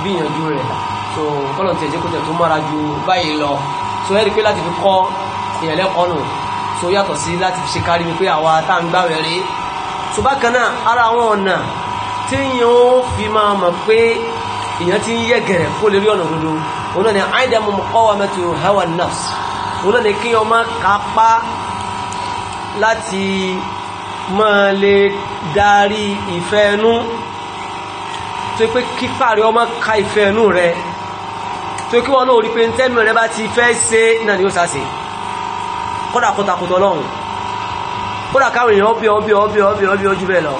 gbìyànjú rẹ̀ so kọ́lọ̀ tẹ̀jẹ́ kó tẹ̀ tó mọ́ra ju báyìí lọ so ẹ́rì pé láti fi kọ́ èèyàn lẹ́kọ̀ọ́ nù so yàtọ̀ sí láti fi ṣe kárí ni pé àwa tá ń gbàwẹ̀ rí so bákan náà ara àwọn ọ̀nà tí èèyàn ó fi máa mọ̀ pé èèyàn ti ń yẹ gẹ̀rẹ̀ kó lè rí ọ̀nà òdodo òun náà ni àìdààmú ọwọ́ mẹ́tò hawa nafs òun náà ni kí ọmọ kápá láti máa lè darí ìfẹ́ ẹnu tó pé kíkàrí ọmọ ká ìfẹ́ ẹnu rẹ̀ so kí wọn náà rí pé ntẹ́nu rẹ bá ti fẹ́ ṣe náà ni ó sá ṣe kódà kótakótó ọlọ́run kódà káwọn èèyàn bí ọ bí ọ bí ọ bí ọ bí ọ jù bẹ́ẹ̀ lọ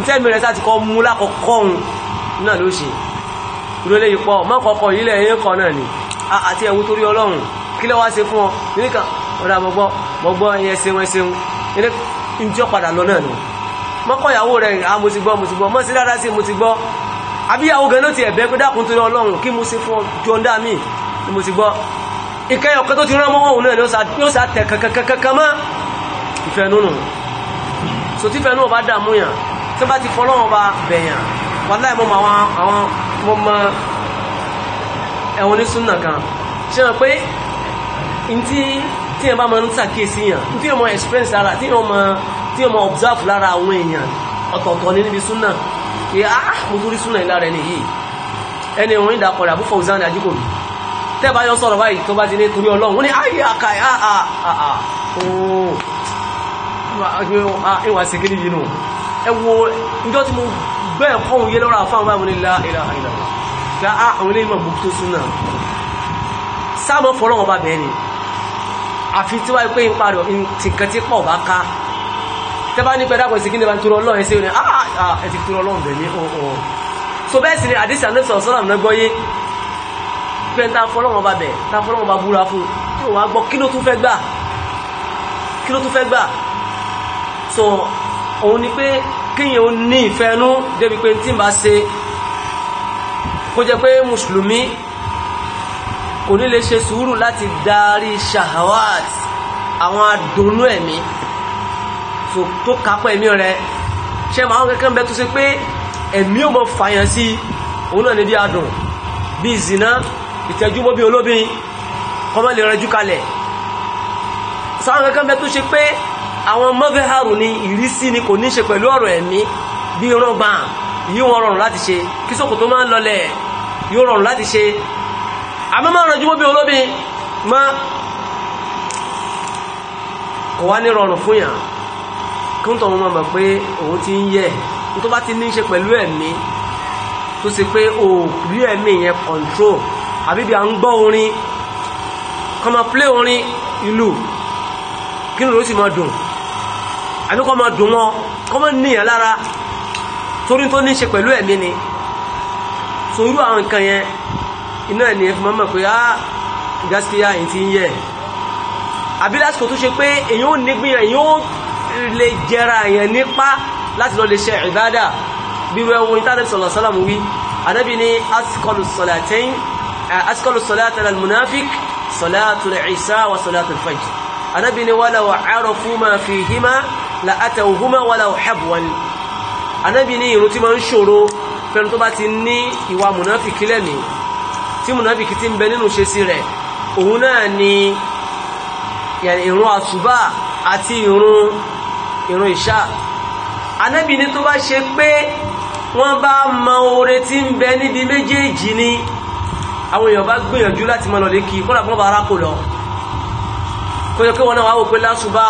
ntẹ́nu rẹ sá ti kọ́ mú lákọ̀ọ́kọ́ òun náà ló ṣe ìrọ̀lé yìí pọ̀ mọ́kọ̀ọ́kọ́ yìí lẹ̀ ń kọ́ náà ni àti ẹ̀wù torí ọlọ́run kí lẹ́ wá ṣe fún ọ nígbà ọ̀dà mọ̀gbọ́ mọ̀gbọ́ ẹ̀yẹ ṣeun ẹ̀ṣeun ilé ìjọ padà lọ náà ni mọ́kọ̀ọ́yàwó rẹ̀ àmọ́ ti gbọ́ mo ti gbọ́ mọ́ sí dáadáa sí mo ti gbọ́ àbí àwọn gan ló ti ẹ̀bẹ́ pé dákun torí ọlọ́run kí mo ṣe fún ọjọ́ ń dá mi ni mo ti gbọ́ ìkẹyọ̀ kan tó ti rán mọ́wọ́ òun náà ni ó sà tẹ̀ kankankankan mọ́ ìfẹ́nú nù so tí ìfẹ́nú ọba dààmú yàn tí wọ́n bá ti fọlọ́wọ́n ọba bẹ̀yàn wọn láì mọ́ àwọn àwọn mọ́ mọ́ ẹ̀wọ̀n ní súnà kan ṣe hàn pé ntí tí yẹn bá máa ń ṣàkíyèsí yàn ntí yẹn mọ experience lára tí yẹn mọ observe lára àwọn èèyàn ọ̀tọ̀ọ̀tọ̀ ní níbi súnà pé ah, ah mo tó rí súnà ìlà rẹ̀ nìyí ẹni òun ìdá kọ̀dà Abu Fawzan Ajíkòbí tẹ́bà yọ sọ̀rọ̀ báyìí tó bá ti ní torí ọlọ́run ó ní ayé àkà ah, ah, ìwà síkiri yìí nù ẹ wo ìjọ tí mo bẹ́ẹ̀ kọ́hun yé lọ́rọ̀ àfáwọn báyìí mo ní la ilaha illallah gba àwọn ilé ìmọ̀ gbogbo tó súnà sáàmọ́ fọ́lọ́wọ́ bá bẹ̀ẹ́ ni àfi tí wáyé pé ń parọ̀ nǹkan tí pọ̀ bá ká tẹ́bá ní pẹ́dàpọ̀ sí kí ní bá ń tó lọ́ọ́ ẹ̀ṣẹ́ òní àà Ah, ẹ ti kúrò ọlọ́run bẹ̀ ní ọ̀ọ̀ oh, oh. so bẹ́ẹ̀ sì ni àdìsí àdìsí sọ́lá náà gbọ́yé pé ń ta fọlọ́run ọba bẹ̀ ta fọlọ́run ọba búra fún kí wọ́n á gbọ́ kí ló tún fẹ́ gbà kí ló tún fẹ́ gbà so òun ni pé kíyàn ó ní ìfẹ́nú débi pé tí ma ṣe kó jẹ pé mùsùlùmí kò ní lè ṣe sùúrù láti darí shahawat àwọn adùnnú ẹ̀mí tó kápọ̀ ẹ̀mí rẹ̀ ṣe máa ń kankan bẹ tó ṣe pé ẹ̀mí ò mọ fàyàn sí òun náà ní bí adùn bí ìzìnà ìtẹ́jú mọ́ bí olóbìnrin kọ́mọ́ lè rẹjú kalẹ̀ sáwọn kankan bẹ tó ṣe pé àwọn mọ́gẹ́hàrù ni ìrísí ni kò ní ṣe pẹ̀lú ọ̀rọ̀ ẹ̀mí bí rọ́gbà yí wọn rọrùn láti ṣe kí sókò tó máa ń lọlẹ̀ yóò rọrùn láti ṣe àmọ́ máa rẹjú mọ́ bí mọ́ kò wá ní rọrùn fún yàn kí wọ́n tọ́ wọn mọ̀ pé òun ti ń yẹ̀ tó bá ti ní í ṣe pẹ̀lú ẹ̀mí tó ṣe pé o rí ẹ̀mí yẹn control àbí bí a ń gbọ́ orin kọ́ máa play orin ìlú kí ni ló sì máa dùn àbí kọ́ máa dùn mọ́ kọ́ máa níyàn lára torí tó ní í ṣe pẹ̀lú ẹ̀mí ni so irú àwọn nǹkan yẹn iná ẹ̀ nìyẹn fi máa mọ̀ pé á gaskiya èyí ti ń yẹ àbí lásìkò tó ṣe pé èyí ò nígbìyàn èyí lè jẹra yẹn nípa láti lọ lè ṣe ìbádà bí wọ́n wo ìtànẹ́bì sallallahu alaihi wasallam wí anábì ní asqalu salatayn asqalu salata lal munafik salatul isha wa salatul fajr anábì ní walaw arafu ma fihima la atawhuma walaw habwan anábì ní ìrun tí ma ń ṣòro fẹ́ni tó bá ti ní ìwà munafik lẹ́ni tí munafik ti ń bẹ nínú ṣe sí rẹ̀ òun náà ni ìrun àsùbá àti ìrun ìrun ìṣá anábì ní tó bá ṣe pé wọ́n bá mọ oore tí ń bẹ níbi méjèèjì ni àwọn èèyàn bá gbìyànjú láti mọ lọlé kí kó làbọn bá ara kò lọ kó yẹ kí wọn náà wá wò pé lásùbà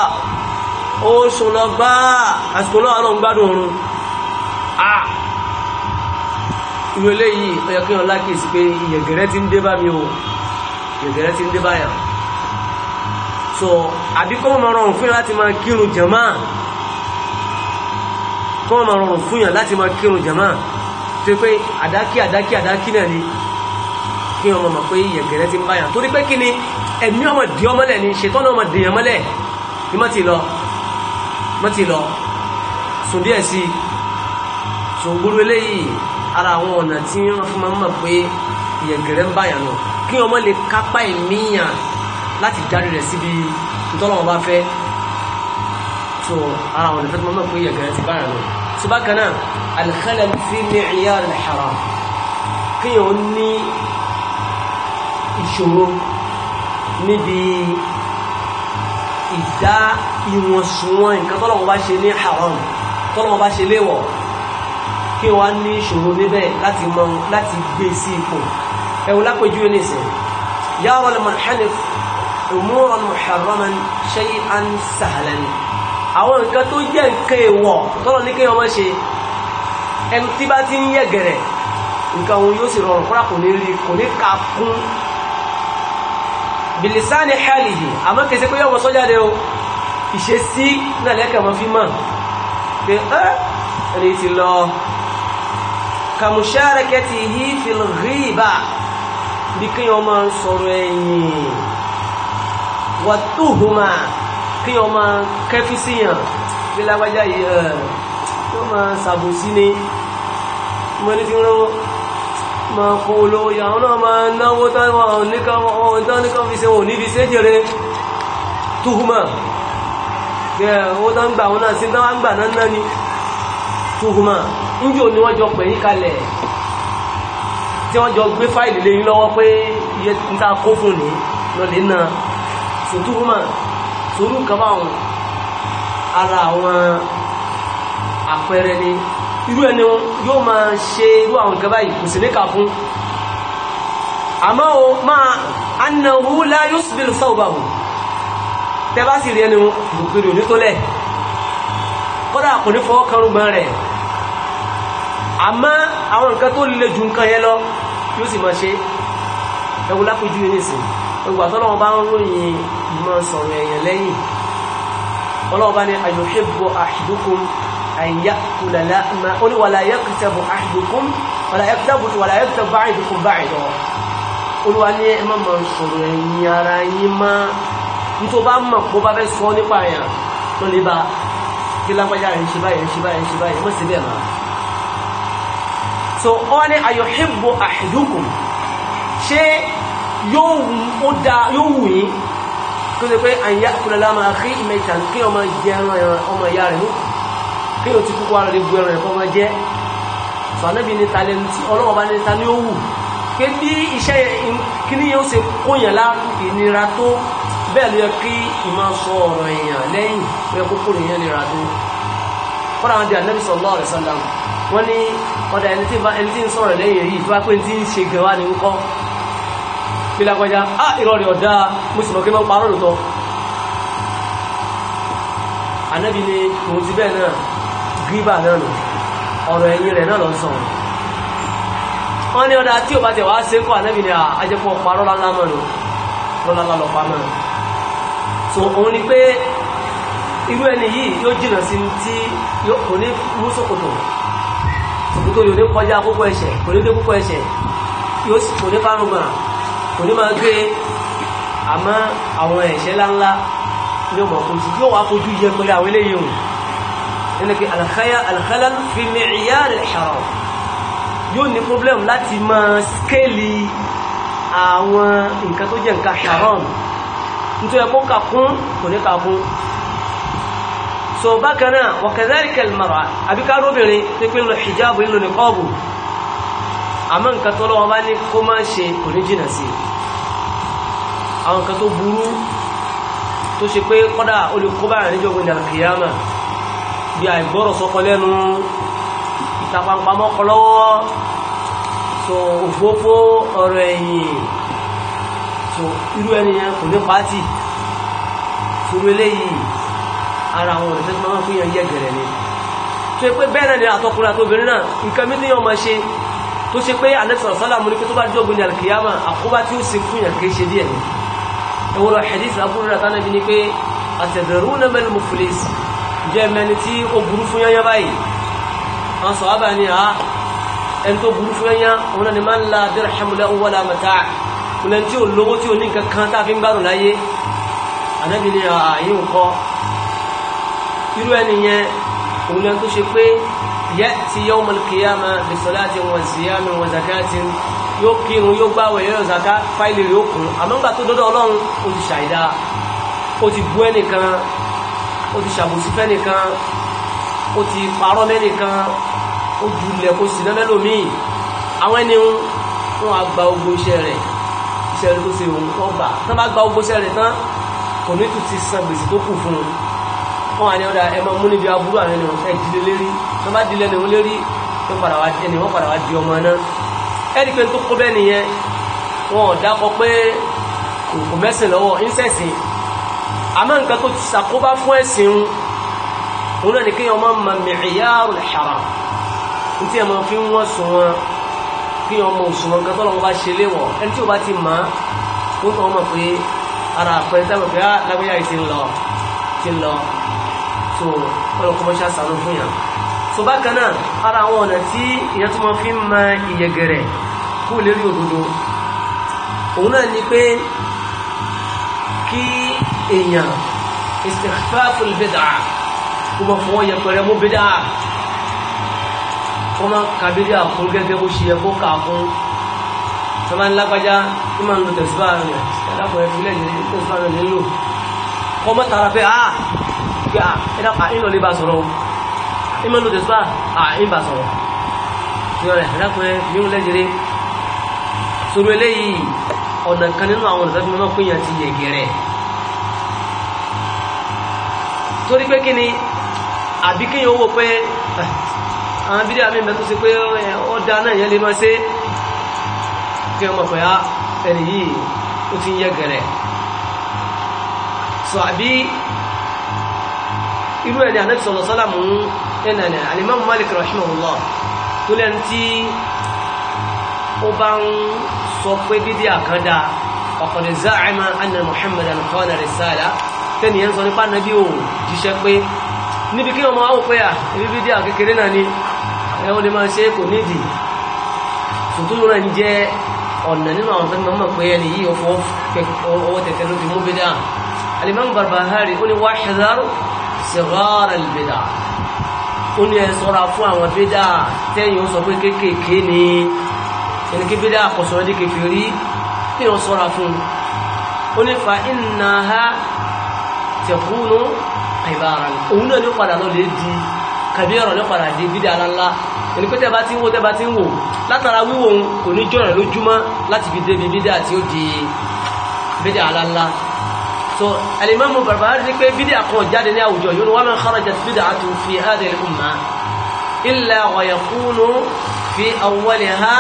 ó sùn lọ gbá àsìkò náà lọ ń gbádùn oorun a irú eléyìí ó yẹ kí wọn lákèsí pé ìyẹ̀gẹ̀rẹ́ ti ń dé bá mi o ìyẹ̀gẹ̀rẹ́ ti ń dé bá yàn so àbí kó mọ láti máa kírun jàmáà tó wọ́n máa rọrùn fún yàn láti máa kírun jàmá tó pé àdákí àdákí àdákí náà ni kí wọ́n mọ̀ pé yẹ̀gẹ̀rẹ́ ti ń bá yàn torí pé kí ni ẹ̀mí ọmọ dì ọmọlẹ̀ ni ṣètọ́nà ọmọ dèèyàn mọ́lẹ̀ ni mọ́ ti lọ mọ́ ti lọ sùn díẹ̀ sí sùn gbúrú eléyìí ara àwọn ọ̀nà tí wọ́n fi máa ń mọ̀ pé yẹ̀gẹ̀rẹ́ ń bá yàn lọ kí ọmọ lè kápá ìmíyàn láti darí rẹ̀ síbi ìtọ́lọ́wọ́n bá fẹ́ so ara àwọn ọ̀nà fẹ́ tí wọ́n pé yẹ̀gẹ̀rẹ́ ti bá yàn lọ subakana alkhalal fi mi'yar al-haram kíyàn ó ní ìṣòro níbi ìdá ìwọ̀nsùnwọ̀n nǹkan tọ́lọ́wọ́ bá ṣe ní haram tọ́lọ́wọ́ bá ṣe léwọ̀ kí wọ́n ní ìṣòro níbẹ̀ láti mọ láti gbé sí ipò ẹ̀wọ̀n lápẹjú ní ìsìn yàrá lè mọ̀ hẹ́nif umúràn muharraman shay'an sahlan ni àwọn nǹkan tó jẹ́ nǹkan èèwọ̀ tọ́lọ̀ ní kéèyàn máa ṣe ẹni tí bá ti ń yẹ gẹ̀rẹ̀ nǹkan òun yóò sì rọrùn kúrà kò ní rí kò ní kà kún bilisani halihi àmọ́ kèsè pé yọ́mọ sọ́jáde o ìṣesí náà lẹ́kẹ̀ mọ́ fi mọ́ pé ẹ́ ẹni ti lọ kàmùsárakẹ́tìhí fil ghiba bí kí wọ́n máa ń sọ̀rọ̀ ẹ̀yìn wàtúhùmáà kí wọ́n máa kẹ́fí síyàn bí lágbájá yìí ẹ̀ tó máa ṣàbòsí ni mo ní fi rán máa kó olówó yà wọn náà máa náwó táwọn oníkan fi ṣe wọn níbi ṣéjèrè túhùmọ̀ kẹ owó tó ń gbà wọn náà sí táwọn àgbà náà náà ni túhùmọ̀ níjò ni wọ́n jọ pè yín kalẹ̀ tí wọ́n jọ gbé fáìlì lé yín lọ́wọ́ pé iye ń ta kó fún ní lọ́lẹ́ náà ṣètúhùmọ̀ sùúrù kan báwọn ara àwọn àpẹẹrẹ ni irú ẹni yóò máa ṣe irú àwọn nǹkan báyìí kò sì níkà fún àmọ́ o máa annahu la yusbil thawbahu tẹ́ bá sì rí ẹni bùkúrì onítólẹ̀ kọ́dà kò ní fọwọ́ karùn-ún rẹ̀ àmọ́ àwọn nǹkan tó le ju nǹkan yẹn lọ yóò sì máa ṣe ẹwù lápẹjú yìí nìsín ìgbà tọ́lọ́wọ́ bá ń ròyìn mọ́ sọ̀rọ̀ èèyàn lẹ́yìn ọlọ́wọ́ bá ní ayuhibbu ahadukum an ya'kula lahma ó ní wala yaktabu ahadukum wala yaktabu wala yaktabu ba'dukum ba'dan olúwa ní ẹ má mọ sọ̀rọ̀ ẹ̀yìn ara yín má nítorí bá mọ̀ so ọ ní ayuhibbu ahadukum yóò ó da yóò wù yín tó ṣe pé àyà kúlẹ̀lá máa rí ìmẹ̀ta kí ọmọ jẹ ẹran ọmọ ìyá rẹ̀ mú kí o ti kúkú ara rẹ̀ bu ẹran ẹ̀kọ́ ọmọ jẹ́ sọ̀nẹ́bí ní ta lẹ́nu tí ọlọ́wọ́ bá ní ta ní ó wù pé bí iṣẹ́ kíní yóò ṣe kóyàn lá ìnira tó bẹ́ẹ̀ ló yẹ kí ìmọ̀ sọ ọ̀rọ̀ èèyàn lẹ́yìn ó yẹ kó nira tó kọ́ra wọn di ànábì sallallahu alaihi wasallam wọ́n ní ọ̀dà ẹni tí ń sọ̀rọ̀ lẹ́yìn yìí tó bá pé ti ń ṣe gẹ̀wá ni ń kọ́ sí lágbájá á ah rẹ̀ ọ̀dá mo sì mọ̀ kí n máa ń parọ́ lòótọ́ anábì ni òun ti bẹ́ẹ̀ náà gíbà náà nù ọ̀rọ̀ ẹ̀yìn rẹ̀ náà lọ sọ̀rọ̀ wọ́n ní ọ̀dà tí ò bá tẹ̀ wá ṣe ń kọ́ ah, so òun pe ibu irú ẹni yo yóò jìnà yo tí kò ní mú ṣòkòtò ṣòkòtò yóò ní kọjá kókó ẹsẹ̀ kò ní dé kókó ẹsẹ̀ yóò sì kò ní máa gbé àmọ́ àwọn ẹ̀ṣẹ̀ láńlá ní ọmọ kò sí yóò wá fojú yẹ pẹ̀lú àwọn eléyìí hùn nínú pé alkhaya alkhalal fi mi'yar al-haram yóò ní problem láti máa skéèlì àwọn nǹkan tó jẹ́ nǹkan haram nítorí ẹ̀kọ́ kà kún kò ní kà kún so bákan náà wa mara àbíká róbìnrin pípín lọ hijabu ìlú nìkọ́ọ̀bù àmọ́ nǹkan tó lọ́wọ́ bá ní kó má ṣe kò ní jìnà sí àwọn nǹkan tó burú tó ṣe pé kọ́dà olùkóbá níjọ́gbọ̀n ní alkiyama bí àìgbọ́rọ̀ sọ́kọ lẹ́nu ìtapàpamọ́kọ lọ́wọ́ tó òfófó ọ̀rọ̀ ẹ̀yìn tó irú ẹniyàn kò ní pàtì fúru eléyìí ara àwọn òṣèlú máa ń fún yẹn yẹ gẹ̀rẹ̀ ni tó ṣe pé bẹ́ẹ̀ náà ni àtọkùnrin àtobìnrin náà nǹkan mi ní ọmọ ṣe tó ṣe pé anẹ́sọ̀rọ̀ sálàmù ní pé tó bá jọ́ gbìyànjú alkiyama àkóbá tí ó sì fún yàn kìí ṣe díẹ̀ ni ẹwọ́rọ̀ hadith abúrúra tánàbí ni pé àtẹ̀bẹ̀rún náà mẹ́lì muflis jẹ́ mẹ́ni tí ó burú fún yányá báyìí àwọn sọ̀hábà ni a ẹni tó burú fún yányá òun náà ni máa ń la dirham lahu wala mata' kùnà tí ò lówó tí ò ní nǹkan kan tá a fi ń gbárùn láyé anábì àyè ń kọ irú ẹni yẹn òun náà tó ṣe pé ya'ti yawm al-qiyamah bi salati wa siyam wa zakatin yóò kírun yóò gbáwẹ̀ zaka fáìlì rẹ̀ òkun àmọ́gbà tó dọ́dọ̀ ọlọ́run ó ti ṣàìdá ó ti bú ẹnìkan ó ti ṣàbòsí fẹ́nìkan ó ti parọ́ mẹ́nìkan ó jùlẹ̀ kó sì lẹ́mẹ́lò míì àwọn ẹni wọn á gba ogbó iṣẹ́ rẹ̀ iṣẹ́ rẹ̀ tó ṣe òun wọ́n gbà tán bá gba ogbó iṣẹ́ rẹ̀ tán kò ní tún ti san gbèsè tó kù fún un wọ́n wà ní ọ̀dà ẹmọ mú níbi aburú àwọn ẹni wọ́n fẹ́ dílé lérí wọ́n bá dílé ẹni lérí wọ́n padà wá di ẹni wọ́n padà wá di ọmọ náà ẹni pé tó kó bẹ́ẹ̀ nìyẹn wọn ò dákọ pé kò mẹ́sìn lọ́wọ́ ìṣẹ̀sìn àmọ́ nǹkan tó ti ṣàkóbá fún ẹ̀sìn ń òun náà ni kí ọmọ mọ mìíyàrú haram ní tí ẹ máa fi ń wọ́n sùn wọn kí ọmọ òṣùwọ̀n nǹkan tó lọ́wọ́ bá ṣe léwọ̀ ẹni tí ò bá ti mọ̀ ó ń tọ́ ọmọ pé ara àpẹẹrẹ sábà pé á lágbéyà ìṣe ń lọ ti ń lọ so ọlọ́kọ̀ọ́ṣà sànú fún yàn so bákan náà ara àwọn ọ̀nà tí ìyẹn tó mọ́ fi ń ma ìyẹ̀gẹ̀rẹ̀ kú lérí òdodo òun náà ni pé kí èèyàn istighfaful bid'a kó mọ́ fọwọ́ yẹpẹrẹ mú bid'a kó mọ́ kàbírí àkún gẹ́gẹ́ bó ṣe yẹ kó kà fún sọba ńlágbájá tí máa ń lo tẹ̀síbà rẹ̀ ẹ̀dàpọ̀ ẹ̀fílẹ̀ yìí tẹ̀síbà rẹ̀ nílò kọ́ mọ́ tara pé ah kí a ẹ̀dá àìlọ lè bá sọ̀rọ̀ ìmọ̀ ló tẹ̀síwá àìbà sọ̀rọ̀ ní ọ̀rẹ́ ẹ̀dákùnrin ní ó lẹ́jẹrẹ sọ̀rọ̀ eléyìí ọ̀nà kan nínú àwọn ọ̀nà tẹ́fí mọ́ pínyàn ti yẹ̀gẹ̀ rẹ̀ torí pé kí ni àbí kíyàn owó pé eh, àwọn bídí àmì ìbẹ̀ tó ṣe pé ọ̀dà eh, náà yẹn lè máa ṣe kí ọmọ pẹ̀ á ẹni yìí ó ti yẹ̀gẹ̀ rẹ̀ sọ àbí irú ẹni ànábì sọ̀rọ̀ sálàmù ẹnànà alimami malik rahimahullah tó lẹ́n tí ó bá ń sọ pé bídí àkàndá ọ̀kọ̀dẹ̀ záàmà anna muhammad alukọ́nà risala tẹ́ni yẹn sọ nípa nàbí ò jíṣẹ́ pé níbi kí ọmọ áwò pé à ah, ibi bídí àkékeré náà ni ẹwọ́n lè máa ṣe kò nídìí tòtúrú rẹ̀ ń jẹ́ ọ̀nà nínú àwọn tẹ́lẹ̀ mọ́ pé ẹni yìí ọwọ́ tẹ̀tẹ̀ ló fi mú bídí à alimami barbahari ó ní wáṣẹ́ صغار البدع ó ní ẹ sọ́ra fún àwọn bídà tẹ́yìn ó sọ pé kéékèèké ni ẹni kí bídà àkọsọ̀rọ̀ dé kékeré rí kí wọ́n sọ́ra fún ó ní fa innaha takunu ibaran òun náà ló padà lọ́ọ́ lè di kàbí ọ̀rọ̀ ló padà di bídà aláńlá ẹni pé tẹ́ bá ti ń wo tẹ́ bá ti ń wò látara wíwò kò ní jọ̀rọ̀ lójúmọ́ láti fi débi bídà tí ó di bídà aláńlá so alimami barbari ni pé bídíà kan jáde ní àwùjọ yìí wọn máa ń kharajat bid'atun fi hadhihi al-umma illa wa yakunu fi awwaliha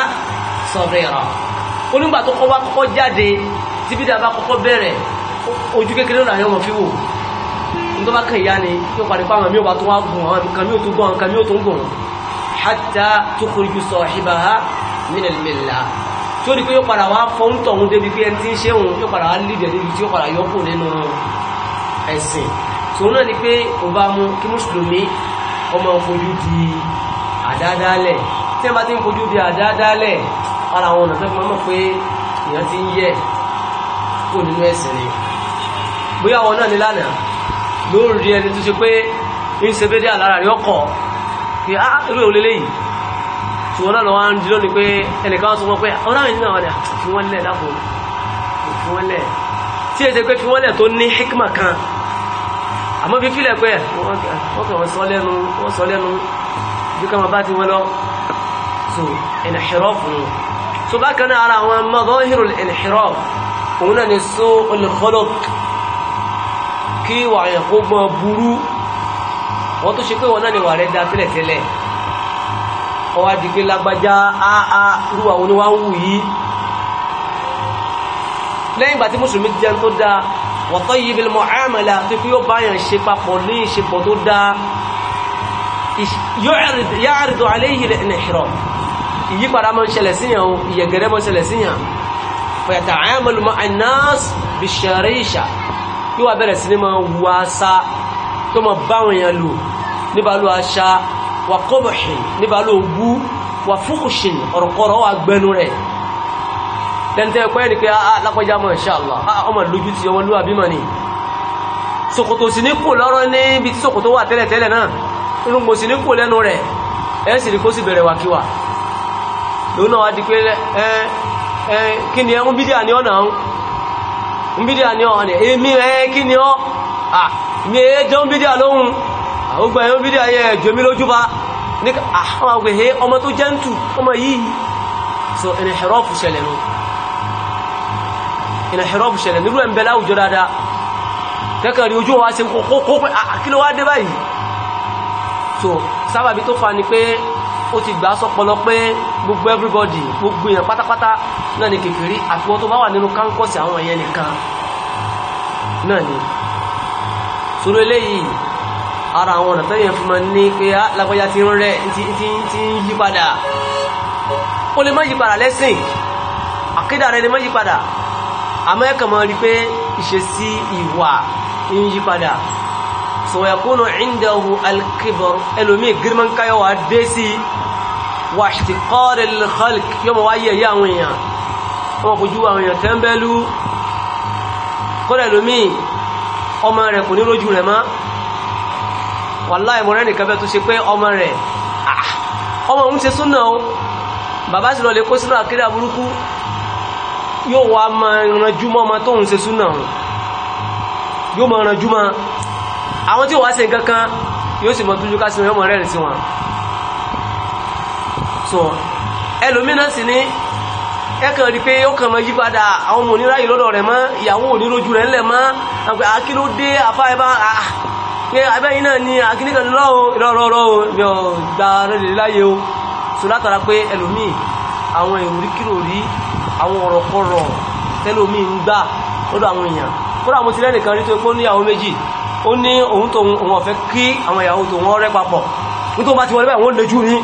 saghira onígbà tó kọ́ bá kọ́kọ́ jáde tí bídíà bá kọ́kọ́ bẹ̀rẹ̀ ojú kékeré náà yóò wọ́n fi wò tó bá kàn ya ni yóò parí pa àwọn mí ò tó wá gùn àwọn kan mí ò tó gùn àwọn kan mí ò tó gùn hatta tukhriju sahibaha min tí ó di pé yóò padà wá fọ́ ń tọ̀hún débi pé ẹni tí ń ṣe òun yóò padà wá lídẹ̀ níbi tí ó padà yọkù nínú ẹ̀sìn tòun náà ni pé kò bá mú kí mùsùlùmí ọmọ fojú di àdádálẹ̀ tí ẹ bá ti ń fojú di àdádálẹ̀ ara àwọn ọ̀nà tó fi mọ́ pé èèyàn ti ń yẹ kó nínú ẹ̀sìn ni bóyá àwọn náà ní lánàá ló ń ẹni tó ṣe pé ń ṣe bédé àlára rí ọkọ̀ pé á ah, irú lélẹ́yìí tí wọ́n náà lọ wá ń di lónìí pé ẹnìkan sọ wọn pé ọ̀rọ̀ àwọn ènìyàn wọlé fi wọ́n lẹ̀ dáàbò fi wọ́n lẹ̀ tí èdè pé fi wọ́n lẹ̀ tó ní hikma kan àmọ́ fi fílẹ̀ pé wọ́n kàn wọ́n sọ lẹ́nu wọ́n sọ lẹ́nu bí ká máa bá ti wọ́n lọ so inhiraf fún un so bákan náà ara àwọn madahirul inhiraf òun náà ni su'ul khuluq kí wàá gbọ́n burú wọ́n tó ṣe pé wọ́n náà ni wà rẹ̀ dá tẹ́lẹ̀tẹ́lẹ̀ ọwá di pé lágbájá àà rúwà wọn ni wá ń wù yìí lẹ́yìn ìgbà tí mùsùlùmí jẹun tó dáa wọ̀tọ́ yìí bí mọ̀ àmàlà tó fi yóò báyàn ṣe papọ̀ ní ìṣepọ̀ tó dáa yáàrìdò aléyìí rẹ̀ nìṣirọ̀ ìyípadà máa ń ṣẹlẹ̀ síyàn o ìyẹ̀gẹ̀rẹ̀ máa ń ṣẹlẹ̀ síyàn fọ̀yàtà àmàlù mọ́ anáàs bí ṣẹ̀rẹ̀ ìṣà yóò wá bẹ̀rẹ̀ sí ní máa wù tó máa báwọn èèyàn lò níbalú àṣà wà kọ́bọ̀ṣì níbà ló bú wà fúkùṣì ọ̀rọ̀kọ̀rọ̀ wà gbẹnu rẹ̀ tẹ́ntẹ́ pẹ́ ní pé alákọjá ah, ah, mọ̀ ṣàlá ah, ọmọ lójú ti ọmọ lúwà bímọ ni ṣòkòtò sí ní kò lọ́rọ́ níbi tí ṣòkòtò wà tẹ́lẹ̀ tẹ́lẹ̀ náà irúgbò sí ní kò lẹ́nu rẹ̀ ẹ̀ sì ni kó sì bẹ̀rẹ̀ wàkíwà lóun náà wá di pé ẹ ẹ kí ni ẹ ń bídíà ní ọ̀nà ń bídíà ní ọ̀nà èmi ẹ kí ni ọ́ à mi ẹ jẹun bídíà lóhun Ah, gbogbo ẹ̀yọ́ bídí ayẹ ẹ̀jọ́ mi lójú bá ní àwọn ah, àgbẹ̀hẹ́ ọmọ tó jẹ́ ń tù ọmọ yìí so ìnìhẹ̀rọ́fù ṣẹlẹ̀ nù ìnìhẹ̀rọ́fù ṣẹlẹ̀ nílùú ẹ̀m̀bẹ̀ láwùjọ dáadáa kẹ́kẹ̀rí ojú wa ṣe kókó pé ah, so sábàbí tó fa ni pé ó ti gbà sọpọlọ pé gbogbo everybody gbogbo èèyàn ni kékeré àfiwọ́ tó bá wà nínú kánkọ́sì àwọn èèyàn nìkan ara àwọn ọ̀nà tẹ́yìn fún ma ní pé á ah, lágbájá ti ń rẹ̀ tí ń yí padà ó lè má yí padà lẹ́sìn àkídà rẹ̀ lè má yí padà àmọ́ ẹ̀kà mọ́ rí pé ìṣesí ìwà ń yí padà sọ̀yàkúnù indahu alkibar ẹlòmí girman kayo wa dé sí wa ihtiqar al-khalq yóò mọ̀ wáyé ẹ̀yà àwọn èèyàn wọn kò ju àwọn èèyàn tẹ́ńbẹ́lú kọ́lẹ̀ ẹlòmí ọmọ rẹ̀ kò ní rójú rẹ̀ máa wàláì mo rẹ́nìkan bẹ́ẹ̀ tó ṣe pé ọmọ rẹ̀ ah, ọmọ òun ṣe súnà o bàbá sì lọ lè kó sínú àkídà burúkú yóò wá máa ranjú mọ́ ọmọ tóun ṣe súnà o yóò máa ranjú mọ́ àwọn tí wàá ṣe nǹkan kan yóò sì mọ tójú ká sí wọn yóò sí wọn so ẹlòmíràn sì ní ẹkàn rí pé ó kàn mọ yípadà àwọn ọmọ oníráyè lọ́dọ̀ rẹ̀ mọ́ ìyàwó onírójú rẹ̀ ńlẹ̀ mọ́ àgbẹ̀ akílódé afáyébá àà ah, pé abẹ́yìn náà ni akíníkan lọ́wọ́ ìrọ̀rọ̀rọ̀ mi ò gba rẹ̀ láyé o so látara pé ẹlòmíì àwọn ìròrí kìròrí àwọn ọ̀rọ̀ kọ̀rọ̀ tẹ́lòmíì ń gbà lọ́dọ̀ àwọn èèyàn kódà mo ti lẹ́nìkan rí tó pé ó ní ìyàwó méjì ó ní òun tó òun ọ̀fẹ́ kí àwọn ìyàwó tó wọ́n rẹ́ papọ̀ nítorí bá ti wọlé báyìí wọ́n lè jú ní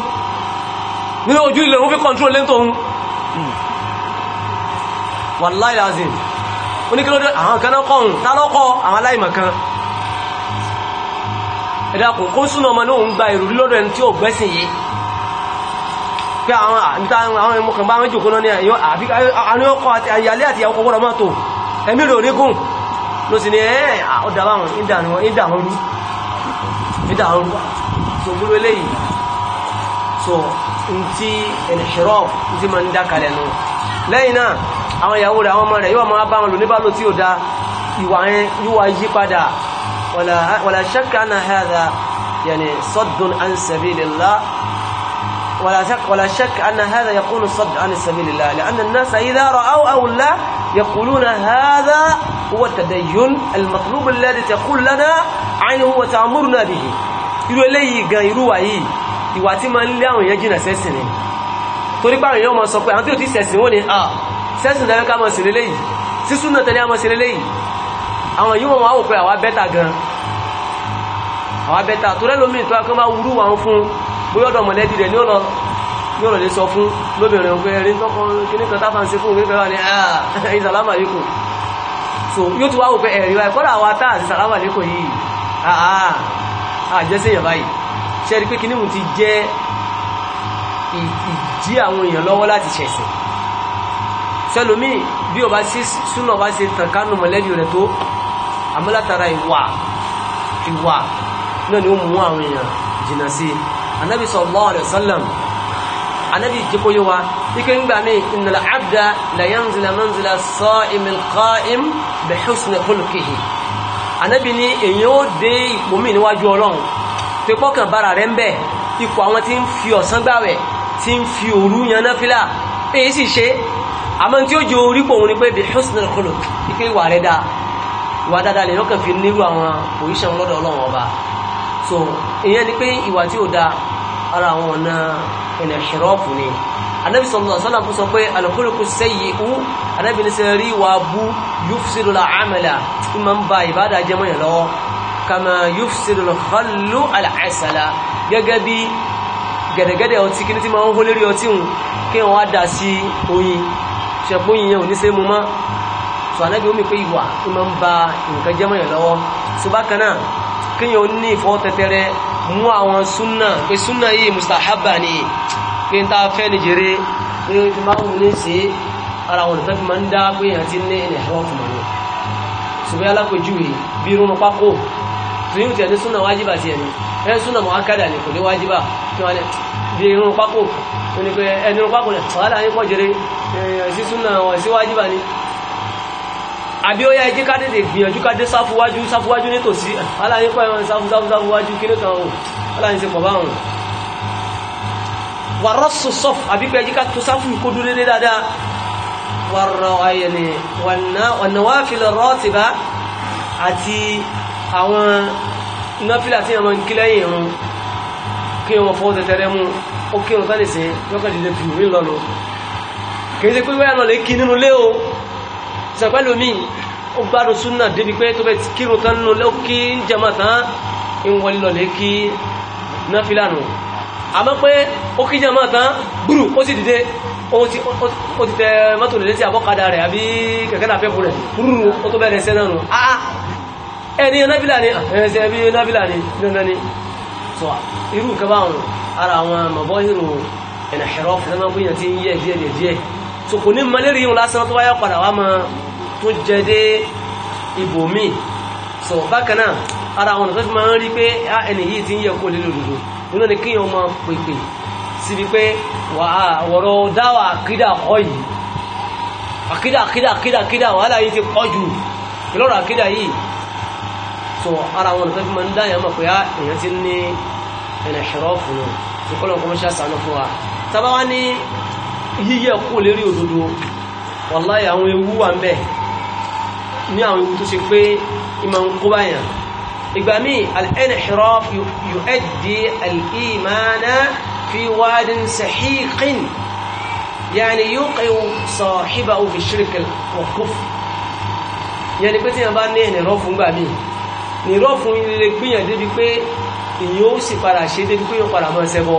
ní ojú ilẹ̀ òun fi kọ́ńtró lé tóun wàláì lazim oníkílódé àwọn kan náà kọ́ kan ẹ̀dàkùn kó súnà ọmọ náà ń gba ìròrí lọ́dọ̀ ẹni tí ó gbẹ́sìn yìí pé àwọn àwọn ẹmọkàn bá wọn jòkó náà ní àwọn ọkọ̀ àti àyàlẹ́ àti ìyàwó kọ̀wọ́rọ̀ mọ́tò ẹ̀mí rò nígùn ló sì ní ẹ̀ ọ̀dà báwọn ìdàrúnrú ìdàrúnrú so gbúrú eléyìí so n ti ẹ̀nìṣẹ́rọ̀ n ti máa ń dákalẹ̀ nù lẹ́yìn náà àwọn ìyàwó rẹ̀ àwọn ọmọ rẹ̀ yóò máa bá wọn lò níbàlò tí ò da ìwà yẹn yóò wá yí padà ولا ولا شك أن هذا يعني صد عن سبيل الله ولا شك ولا شك أن هذا يكون صد عن سبيل الله لأن الناس إذا رأوا أو لا يقولون هذا هو التدين المطلوب الذي تقول لنا عنه وتأمرنا به irú eléyìí gan irú wa yìí ìwà tí ma ń lé àwọn èèyàn jìnà sẹ́sìn ni torí pàrọ̀ èèyàn ma sọ pé àwọn tí ò ti sẹ̀sìn wọ́n ni ah sẹ́sìn tẹ́lẹ́ ká mọ̀ sí lélẹ́yìí sísúnà tẹ́lẹ́ ká mọ̀ sí lélẹ́yìí àwọn yíwọ̀n wọn á wò pé àwa bẹ́tà gan àwa bẹ́tà tó rẹ́ lómi ìtura kan bá wúrú àwọn fún bóyá ọ̀dọ̀ mọ̀lẹ́bí rẹ̀ ní ọ̀nà ní ọ̀nà lè sọ fún lóbìnrin pé ẹ̀rí o tọ́kọ kíní kan táfà ń ṣe fún òun kíkẹ́ wà ní ah, ẹ̀yìn sàlámà lẹ́kọ̀ọ́ so yóò ti wá wò pé ẹ̀rí wa ìkọ́dà àwa tá àti sàlámà lẹ́kọ̀ọ́ yìí àjẹsẹ̀ ah, ah, yẹn báyìí ṣe rí pé kíní mu ti jẹ́ ìdí àwọn èèyàn lọ́wọ́ láti ṣẹ̀sìn sẹlòmíì bí ọba sí súnà ọba ṣe tàn kánú mọ̀lẹ́bí rẹ̀ tó àmọ́ látara ìwà ìwà náà ni ó mú àwọn èèyàn jìnnà sí anabi sallallahu alayhi wa sallam anabi jẹ́kọ́yé wa ike ń gbà mí innal abda la yanzila manzila sa'imil qa'im bi husni khulqihi anabi ni èyàn ó dé ipò mi níwájú ọlọ́run pé kọ́kàn bára rẹ̀ ń bẹ̀ ipò àwọn tí ń fi ọ̀sán gbàwẹ̀ tí ń fi òru yan náfìlà èyí sì ṣe àmọ́ tí ó jẹ́ orí pòun ni pé bi husni ike ìwà rẹ̀ dáa ìwà dáadáa lè lọ́kàn fi nírú àwọn position lọ́dọ̀ ọlọ́run ọba so ìyẹn ni pé ìwà tí ò da ara àwọn ọ̀nà ẹ̀nà ṣẹ̀rọ́ọ̀fù ni anabi sallallahu alaihi wasallam sọ pé alukuluku sẹ́yìí ú anabi ní sẹ́ rí wa bú yufsidu la amala tí máa ń ba ìbádà jẹmọ́ yẹn lọ́wọ́ kama yufsidu la khallu ala asala gẹ́gẹ́ bí gẹ̀dẹ̀gẹ̀dẹ̀ ọtí kí ní ti máa ń hó ọtí hùn kí wọ́n á dà sí oyin ṣẹ̀pọ̀ yìnyẹn ò ní sẹ́ mu mọ́ so anábì omi pé ìwà ń máa ń ba nǹkan jẹ́ mọ́yàn lọ́wọ́ so bákan náà kéèyàn ó ní ìfọwọ́ tẹ́tẹ́rẹ́ mú àwọn súnà pé súnà yìí mustahaba ni pé n ta fẹ́ ni jèrè pé n máa wù ní sí ara wọn lọ́fẹ́ fi máa ń dá pé èèyàn ti ní ilẹ̀ ẹ̀rọ fún mi ṣùgbọ́n alákòjúwe bí irun pákó tó yóò tiẹ̀ ní súnà wájibà tiẹ̀ ni ẹ̀ súnà mọ́ akádà ni kò ní wájibà kí wọ́n bí irun pákó ẹni pé ẹni irun pákó ni wàhálà yín pọ̀ jèrè ẹ̀ sí súnà wọ̀ sí wájibà ni àbí ó yá ẹjí ká tètè gbìyànjú ká dé sáfúwájú sáfúwájú nítòsí aláyé pẹ́ wọn sáfú sáfú sáfúwájú kéré kan o aláyé ṣe pọ̀ báwọn wàrọ́sù sọ́f àbí pé ẹjí ká tó sáfù kó dúró dé dáadáa wàrọ̀ ayẹni ọ̀nà wá filẹ̀ rọ́ọ̀tì bá àti àwọn nọ́fìlà tí wọ́n kí lẹ́yìn irun kí wọ́n fọ́ tẹ́tẹ́rẹ́ mú ó kí wọ́n tán lè ṣe yọ́kàn dìde sẹ̀pẹ́lú mi ó gbádùn súnà débi pé tó bẹ́ kírun tán nínú ló kí jẹmọ́ tán ìwọlé lọ́lẹ̀ kí náfìlà nù àmọ́ pé ó kí jẹmọ́ tán gbúrù ó sì dìde ó ti tẹ mọ́tò lè létí àbọ́kadà rẹ̀ àbí kẹ̀kẹ́ náà fẹ́fù rẹ̀ rúrù ó tó bẹ̀rẹ̀ sẹ́nà nù ah, ah, ẹni náfìlà ni ẹ̀ẹ́sẹ̀ bí náfìlà ni dandan ni so kò ní mọlẹ́rì yìí lásán tó wáyà padà wá mọ tó jẹ dé ibòmíì so bákan náà ara àwọn ọ̀nà tó fi máa ń rí pé ah, ẹni yìí ti ń yẹ kó lè lòdòdò nínú ni kíyàn máa pèpè síbi pé wọ̀rọ̀ dáwà àkídà kọ́ yìí àkídà àkídà àkídà àkídà wàhálà yìí ti pọ̀ jù ìlọ́rọ̀ àkídà yìí so ara àwọn ọ̀nà tó fi máa ń dáyà mọ̀ pé ah, èèyàn ti ní ẹ̀nà ìṣòro fún wa tábà wá yíyẹ kó lérí òdodo wàláyé àwọn ewu wà ń bẹ ní àwọn ewu tó ṣe pé ìmọ̀ ń kó báyàn ìgbà míì al-inhiraf yuaddi al-imana fi wadin sahiqin yàni yóò kẹwò sọ̀híbà òbí ṣíríkì wọ̀kúfù yẹni pé tí wọ́n bá ní ẹ̀nìrọ́ fún gbà míì nìrọ́ fún ilé gbìyànjú débi pé ìyóò sì padà ṣe débi pé yóò padà mọ́ ṣẹbọ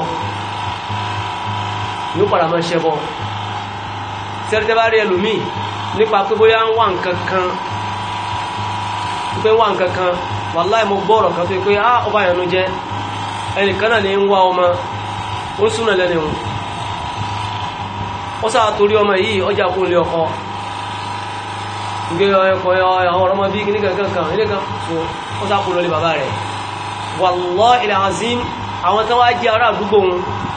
yóò padà máa ṣẹbọ sẹ́rìtẹ́ bá rí ẹlòmíì nípa pé bóyá ń wà nǹkan kan pé wà nǹkan kan wàláì mo gbọ́ ọ̀rọ̀ kan tó pé á ọba ìyanu jẹ́ ẹnìkan náà ní ń wá ọmọ ó súnà lẹ́nu ìhun ó sáà torí ọmọ yìí ọjà kó lè ọkọ gbé ọkọ àwọn ọmọ bíi kíní kankan kan ilé kan so ó sáà kó lọ lé bàbá rẹ̀ wàlọ́ ilẹ̀ azim àwọn tó wá jẹ́ ará àdúgbò wọn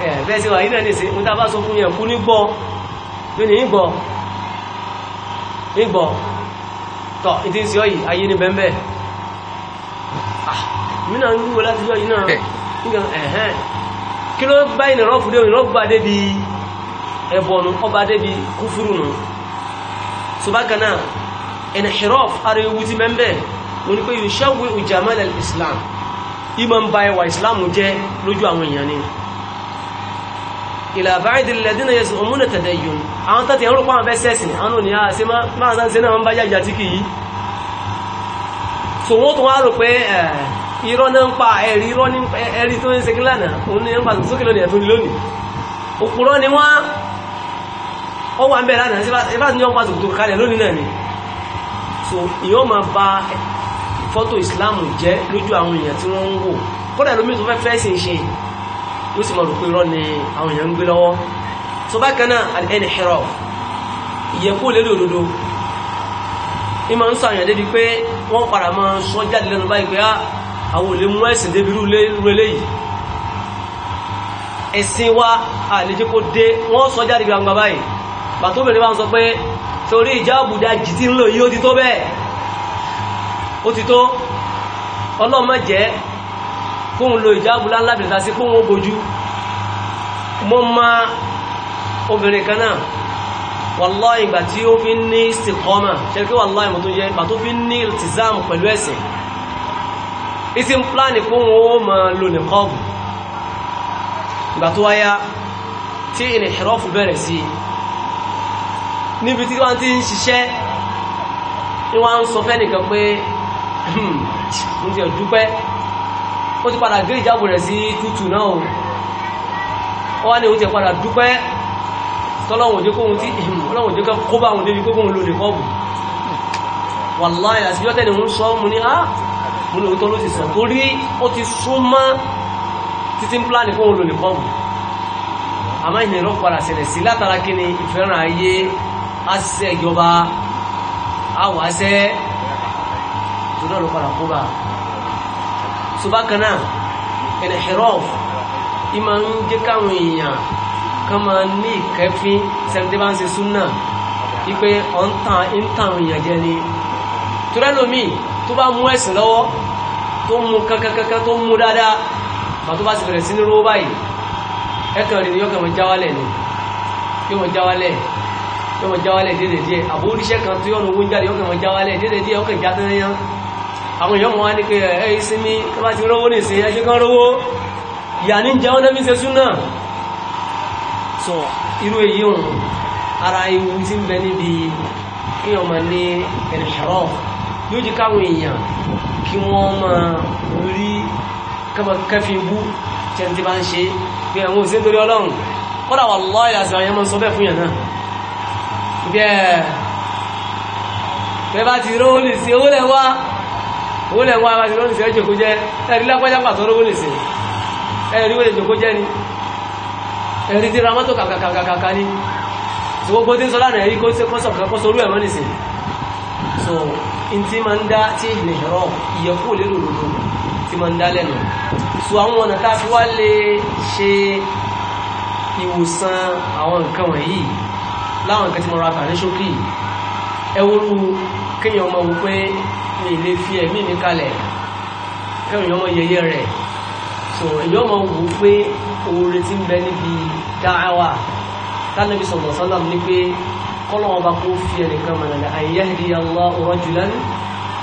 bẹ́ẹ̀ sí wà ní ẹni sí mú tàbá sọ fún yẹn kú nígbọ́ lónìí ìgbọ́ ìgbọ́ tọ́ ìdí sí ọ̀yí ayé ní bẹ́ẹ̀ ah, mínà ń wúwo láti yọ iná nígbà ẹ̀hẹ́n kí ló gbá ìnìrọ́ fúdé òyìnbó gbá débi ẹ̀bọ̀nù ọba débi kúfúrù nù subhanahu inhiraf ara ewu ti bẹ́ẹ̀ oní pé yóò ṣẹ́wé ìjàmẹ́lẹ̀ islam ìmọ̀ ń ba ẹwà islam jẹ́ lójú àwọn èèyàn ni ìlà àbáyìdì lẹ́dínà yẹsù òmúnà tẹ̀dẹ̀ yìí àwọn tàbí ẹ̀rọ pàwọn bẹ́ sẹ́sìn àwọn òní àà sí máa sáà sí náà ń bá yàjá tí kì í so wọ́n tó wá rò pé eh, irọ́ náà ń pa ẹ̀rí irọ́ ní ẹ̀rí tó ń segin lánàá òun ní ń pa sókè lónìí ẹ̀tún lónìí òpùrọ́ ni wọ́n ó wà ń bẹ̀ lánàá ìbá ní wọ́n pa sòkòtò kalẹ̀ lónìí náà ni so ìyọ́ máa ba fọ́tò ìsìláàmù jẹ́ lójú àwọn èèyàn tí wọ́n ń wò kódà lómi tó fẹ́ yóò sì mọ̀ rò pé irọ́ ni àwọn èèyàn ń gbé lọ́wọ́ tó bá kan náà ẹni ẹ̀rọ ìyẹ̀kú lérí òdodo ìmọ̀ ń sọ àyàn débi pé wọ́n padà mọ́ sọ jáde lẹ́nu báyìí pé ah, àwọn olè mú ẹ̀sìn débi rú eléyìí ẹ̀sìn wa àlejò kò dé wọ́n sọ jáde gbangba báyìí bàtó obìnrin bá ń sọ pé torí ìjà àbùdá jì tí ń lò yí ó ti tó bẹ́ẹ̀ ó ti tó ọlọ́mọ jẹ́ kóhun lo ìjáàbù lálábìlì tàbí kóhun ó bojú mo ma obìnrin kan náà wallahi ìgbà tí ó fi ní istiqama ṣe kí wallahi ìmọ̀ tó yẹ ìgbà tó fi ní ìtìzáàmù pẹ̀lú ẹ̀sìn isi ń pláàni kóhun ó ma lo nìkọ́ọ̀bù ìgbà tó wáyá tí ìnìhìrọ́fù bẹ̀rẹ̀ sí níbi tí wọ́n ti ń ṣiṣẹ́ ni wọ́n ń sọ fẹ́nìkan pé ń hmm, ti ọ̀dúpẹ́ ó ti padà gbé ìjábò rẹ̀ sí tútù náà o ó wá ní oúnjẹ padà dúpẹ́ tọ́lọ́wọ̀n òjé kóhun tí ehm, ọlọ́wọ̀n òjé kó bá òun débi kóhun lò nìkan bù wàláì àtijọ́ tẹ́lẹ̀ ń sọ mú ní á mú ní òótọ́ ló ti sọ torí ó ti súnmọ́ títí ń pláàni kóhun lò nìkan àmọ́ ìyẹn ló padà ṣẹlẹ̀ sí látara kí ni ìfẹ́ràn ayé àṣìṣe ìjọba àwàṣẹ́ tó náà ló padà kó bá a ṣùgbọ́n kan náà ẹ̀nẹ̀hẹ̀rọ̀f ìmọ̀ ń jẹ́ káwọn èèyàn kan máa ní ìkẹ́fín sẹ́ni tí bá ń ṣe súnà wípé ọ̀ntàn ìntàn èèyàn jẹ ni tùrẹ́lómi tó bá mú ẹ̀sìn lọ́wọ́ tó mú kankankankan tó mú dáadáa bá tó bá sì bẹ̀rẹ̀ sí ní rówó báyìí ẹ̀kan rẹ̀ ni yóò kàn mọ́ jáwálẹ̀ ni yóò mọ́ jáwálẹ̀ yóò mọ́ jáwálẹ̀ déédéé àbúrò iṣẹ́ kan tó yọ̀nù owó ń jáde yóò kàn jáwálẹ̀ déédéé yóò já tẹ́lẹ̀ yẹn àwọn èèyàn mọ̀ wá ní pé ẹ ìsinmi tó bá ti rówó ní ìsin ẹjẹ́ kan rówó ìyà ní jẹ́ ọ́nà mi ṣe súnà sọ irú èyí òun ara ewu tí ń bẹ níbi kí ọmọ ní ẹ̀rẹ̀ṣọ̀rọ̀ yóò jí káwọn èèyàn kí wọ́n máa rí kẹfìn bú tẹ́ni tí bá ń ṣe pé àwọn òsín torí ọlọ́run kọ́dà wà lọ́ọ̀yà sí àyẹ́mọ́ sọ bẹ́ẹ̀ fún yàn náà bẹ́ẹ̀ bẹ́ẹ̀ bá ti rówó lè sí owó lẹ́wàá owó lẹ̀ wọ́n aláṣẹ lọ́nà ìṣẹ́ ìjòkó jẹ́ ẹ̀rí lápájá pàtó lówó lè sè ẹ̀rí wọ́n ìjòkó jẹ́ ni ẹ̀rí ti ra mọ́tò kàkàkàkà ni tí gbogbo tí ń sọ lánàá ẹ̀rí kó ṣe kọ́sọ̀kọ́ kó sorú ẹ̀ mọ́ nìsín so n ti máa ń dá tí ìlẹ̀ ẹ̀rọ ìyẹ̀kú lérò lòdò ti máa ń dá lẹ́nu so àwọn ọ̀nà tá a fi wá lè ṣe ìwòsàn àwọn nǹkan wọ̀nyí láwọn nǹkan tí mo ra kà ní ṣókì ẹwúrú kéèyàn ọmọ wò pé mi lè fi ẹ̀mí mi kalẹ̀ kẹrin ọmọ yẹyẹ rẹ̀ so èyí ọmọ wò pé oore ti ń bẹ níbi dáhàwà tánàbí sọ̀rọ̀ sálàm ní pé kọ́lọ̀ ọba kó fi ẹnìkan mọ̀ nàlẹ́ an yahdiyallahu rajulan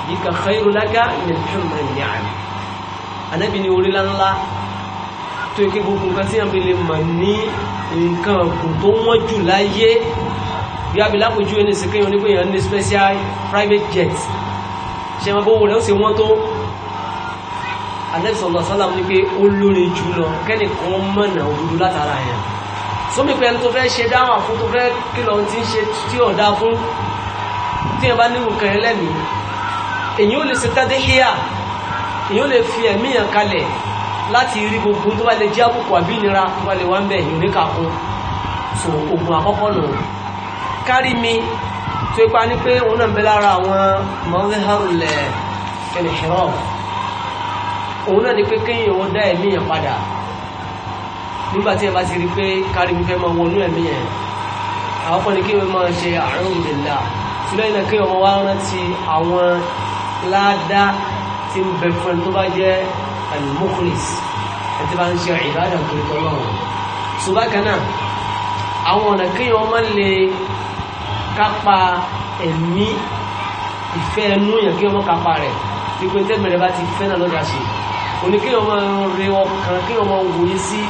bika khairu laka min humri ni'am anábì ní orí ńláńlá tó ike gbogbo nǹkan tí àmì lè mọ̀ ní nǹkan kò tó wọ́n jù láyé bí abilákojú ẹni sí kéèyàn ní special private jet ṣe wọn gbówó rẹ̀ ó sì wọ́n tó Ànábì sallallahu alaihi wasallam ní pé ó lórí jù lọ kẹ́nì kan mọ̀nà òdodo látara yẹn sómi pé ẹni tó fẹ́ ṣe dáhùn fún tó fẹ́ kìlọ̀ ti ń ṣe tí ọ̀dá fún tí yẹn bá nírú kẹrin lẹ́mìí èyí ò lè ṣe tẹ́tẹ́ híyà èyí ò lè fi ẹ̀mí yàn kalẹ̀ láti rí gbogbo tó bá lè jẹ́ àbùkù àbí ìnira tó lè wá ń bẹ̀ yìí ò so ògùn àkọ́kọ́ lò kárí mi tó ipa ní pé òun náà ń bẹ lára àwọn mọ́lẹ́hàrùlẹ̀ ẹnìṣẹ́rọ̀ òun náà ni pé kéèyàn ó dá ẹ̀mí yẹn padà nígbà tí ẹ bá ti rí pé kárí fífẹ́ máa wọnú ẹ̀mí yẹn àwọn kan ní kí wọ́n máa ṣe àrùn ìdèlà sílẹ̀ iná kí ọmọ wa rántí àwọn ládá tí ń bẹ fún ẹni tó bá jẹ́ al-mukhlis ẹni bá ń ṣe ìbádà tó tọ́lọ́run ṣùgbọ́n kan náà àwọn ọ̀nà kéèyàn máa lè kápá ẹ̀mí ìfẹ́ ẹnu yẹn kí ọmọ kápá rẹ̀ wípé tẹ́gbẹ̀rẹ̀ bá ti fẹ́ náà lọ́dà ṣe òní kí ọmọ rẹ ọkàn kí ọmọ wòye sí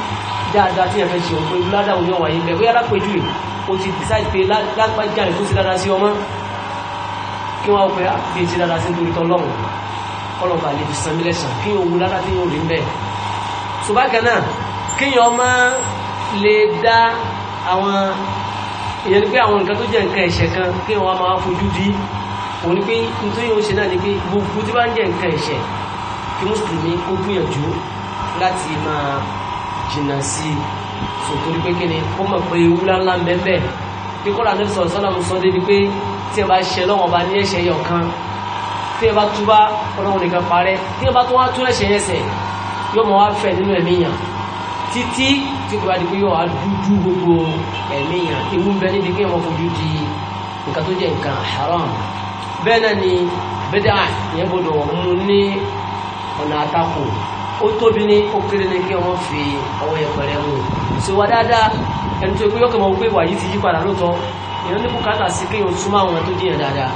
dáadáa tí yẹn fẹ́ ṣe òun pé ládà òun yóò wáyé bẹ́ẹ̀ bóyá lápẹjù rẹ̀ o ti decide pé lágbájá rẹ̀ tó ṣe dáadáa sí ọmọ kí wọ́n pẹ́ ah, àti ṣe dáadáa sí nítorí tọ́lọ́run kọ́lọ̀ bá lè fi san mílẹ̀ sàn kí òun ládà tí yóò rí bẹ́ẹ̀ ṣùgbọ́n kan náà kí ọmọ lè dá àwọn ìyẹn ni pé àwọn nǹkan tó jẹ́ nǹkan ẹ̀ṣẹ̀ kan kí wọ́n máa fojú di òun ni pé nítorí òun ṣe náà ni pé gbogbo tí bá ń jẹ́ nǹkan ẹ̀ṣẹ̀ kí mùsùlùmí kó gbìyànjú láti máa jìnnà sí i sòtórí pé kíni kó mọ̀ pé ewu ńláńlá ń bẹ́ẹ̀ bẹ́ẹ̀ bí kọ́lá ní sọ̀rọ̀ sọ́nà mo sọ débi pé tí ẹ bá ṣe lọ́wọ́ bá ní ẹ̀ṣẹ̀ yọ̀ kan tí ẹ bá túbá ọlọ́run nìkan parẹ́ tí ẹ bá tún wá tún ẹ̀ṣẹ̀ yẹn sẹ̀ yóò mọ̀ wá fẹ̀ nínú ẹ̀mí yàn títí tí ó bá di pé yóò wá dúdú gbogbo ẹ̀mí yàn ewu ń bẹ níbi kí wọ́n fojú di nǹkan tó jẹ́ nǹkan haram bẹ́ẹ̀ náà ni bídà yẹn gbọ́dọ̀ mú ní ọ̀nà àtakò ó tóbi ní ó kéré ní kí wọ́n fi ọwọ́ yẹpẹrẹ mú ṣe wá dáadáa ẹni tó pé yọkẹ́ mọ̀ pé wàyí ti yí padà lóòótọ́ èèyàn ní bùkátà sí kéèyàn súnmọ́ àwọn tó jìyàn dáadáa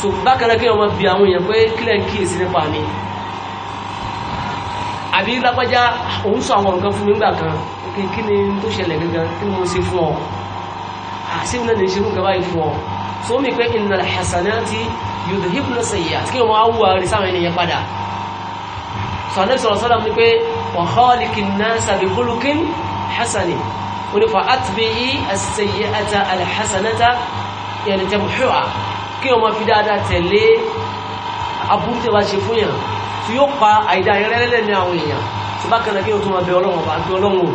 so bákan náà kéèyàn mọ̀ bí àwọn èèyàn pé kílẹ̀ ń kíyèsí àbí lágbájá òun sọ àwọn nǹkan fún mi nígbà kan kí kí ni tó ṣẹlẹ̀ gangan kí ni mo ṣe fún ọ àṣìwò náà lè ṣe nǹkan báyìí fún ọ so mi pé innal hasanati yudhibna sayyi'at kí wọ́n á wù àrí sáwọn ènìyàn padà sọ Ànábì sallallahu alaihi wasallam pé wa khaliqin nasa bi khuluqin hasanin ó ní fa atbi'i as-sayyi'ata al-hasanata yẹn tamhuha kí wọ́n máa fi dáadáa tẹ̀lé aburú tẹ́ bá ṣe fún yàn tí yóò pa àìdá yẹn rẹ́rẹ́lẹ̀ ní àwọn èèyàn tí bákan náà kí o tún máa bẹ ọlọ́run ọba pé ọlọ́run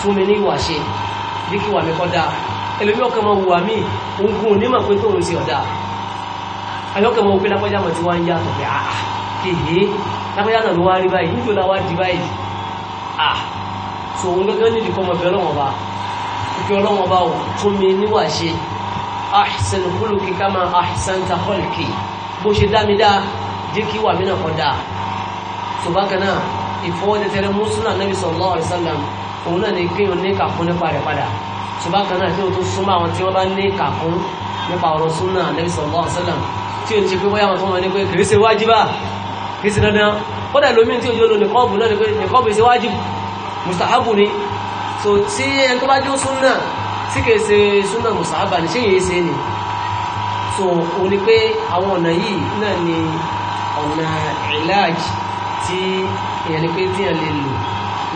fún mi ní ìwà ṣe bí kí wà mí kọ́ dáa ẹlòmí ọkàn máa wùwà mí ogun onímọ̀ pé tóun ṣe ọ̀dà ayọ́kàn máa wù pé lápẹ́jà mọ̀ tí wọ́n ń yàtọ̀ pé àà ah, kéde lápẹ́jà náà ló wá rí báyìí níjó la wá di báyìí à ah, so òun gẹ́gẹ́ nídìí kọ́ mọ̀ bẹ ọlọ́run ọba pé ọlọ́run ọba ò fún mi níwà ṣe ahsan khuluqi bó ṣe dá mi dáa jẹ́ kí wà mí náà kọ́ dáa ṣùgbọ́n kan náà ìfọwọ́dẹ̀tẹ̀rẹ̀ mùsùlùmí sallallahu alaihi wasallam òun náà ni kéèyàn ní kàkún nípa rẹ̀ padà ṣùgbọ́n kan náà kí o tó súnmọ́ àwọn sallallahu alaihi wasallam tí o ti pé wáyà wọn tó wọn ní pé kìí ṣe wájibà kìí ṣe dandan kódà lómi tí o jọ lo náà ni pé nìkọ́ọ̀bù ṣe wájib so tí ẹni tó bá jó súnà tí kìí ṣe súnà mustahaba ni ṣé yìí ṣe ni so o ni pé àwọn ọ̀nà yìí náà ni ọ̀nà ìlàjì tí èèyàn ní pé tíyàn lè lò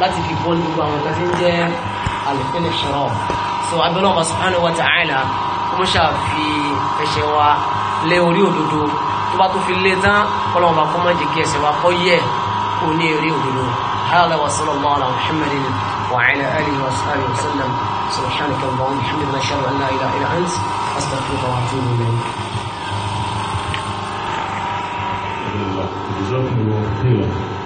láti fi bọ́ gbogbo àwọn nǹkan tí ń jẹ́ àlùfẹ́lẹ̀ ṣọ̀rọ̀ so abẹ́lẹ́ ọmọ subhanahu wa ta'ala ó mọ̀ ṣàfi ẹsẹ̀ wa lé orí òdodo tó bá tó fi lé tán ọlọ́run bá kọ́ máa jẹ́ kí ẹsẹ̀ wa kọ́ yẹ kó ní orí òdodo hàlẹ́ wa sallallahu ala muhammadin wa ala alihi wa sallam wa sallam wa bihamdika ashhadu an la ilaha illa anta astaghfiruka wa atubu 你知道吗？对。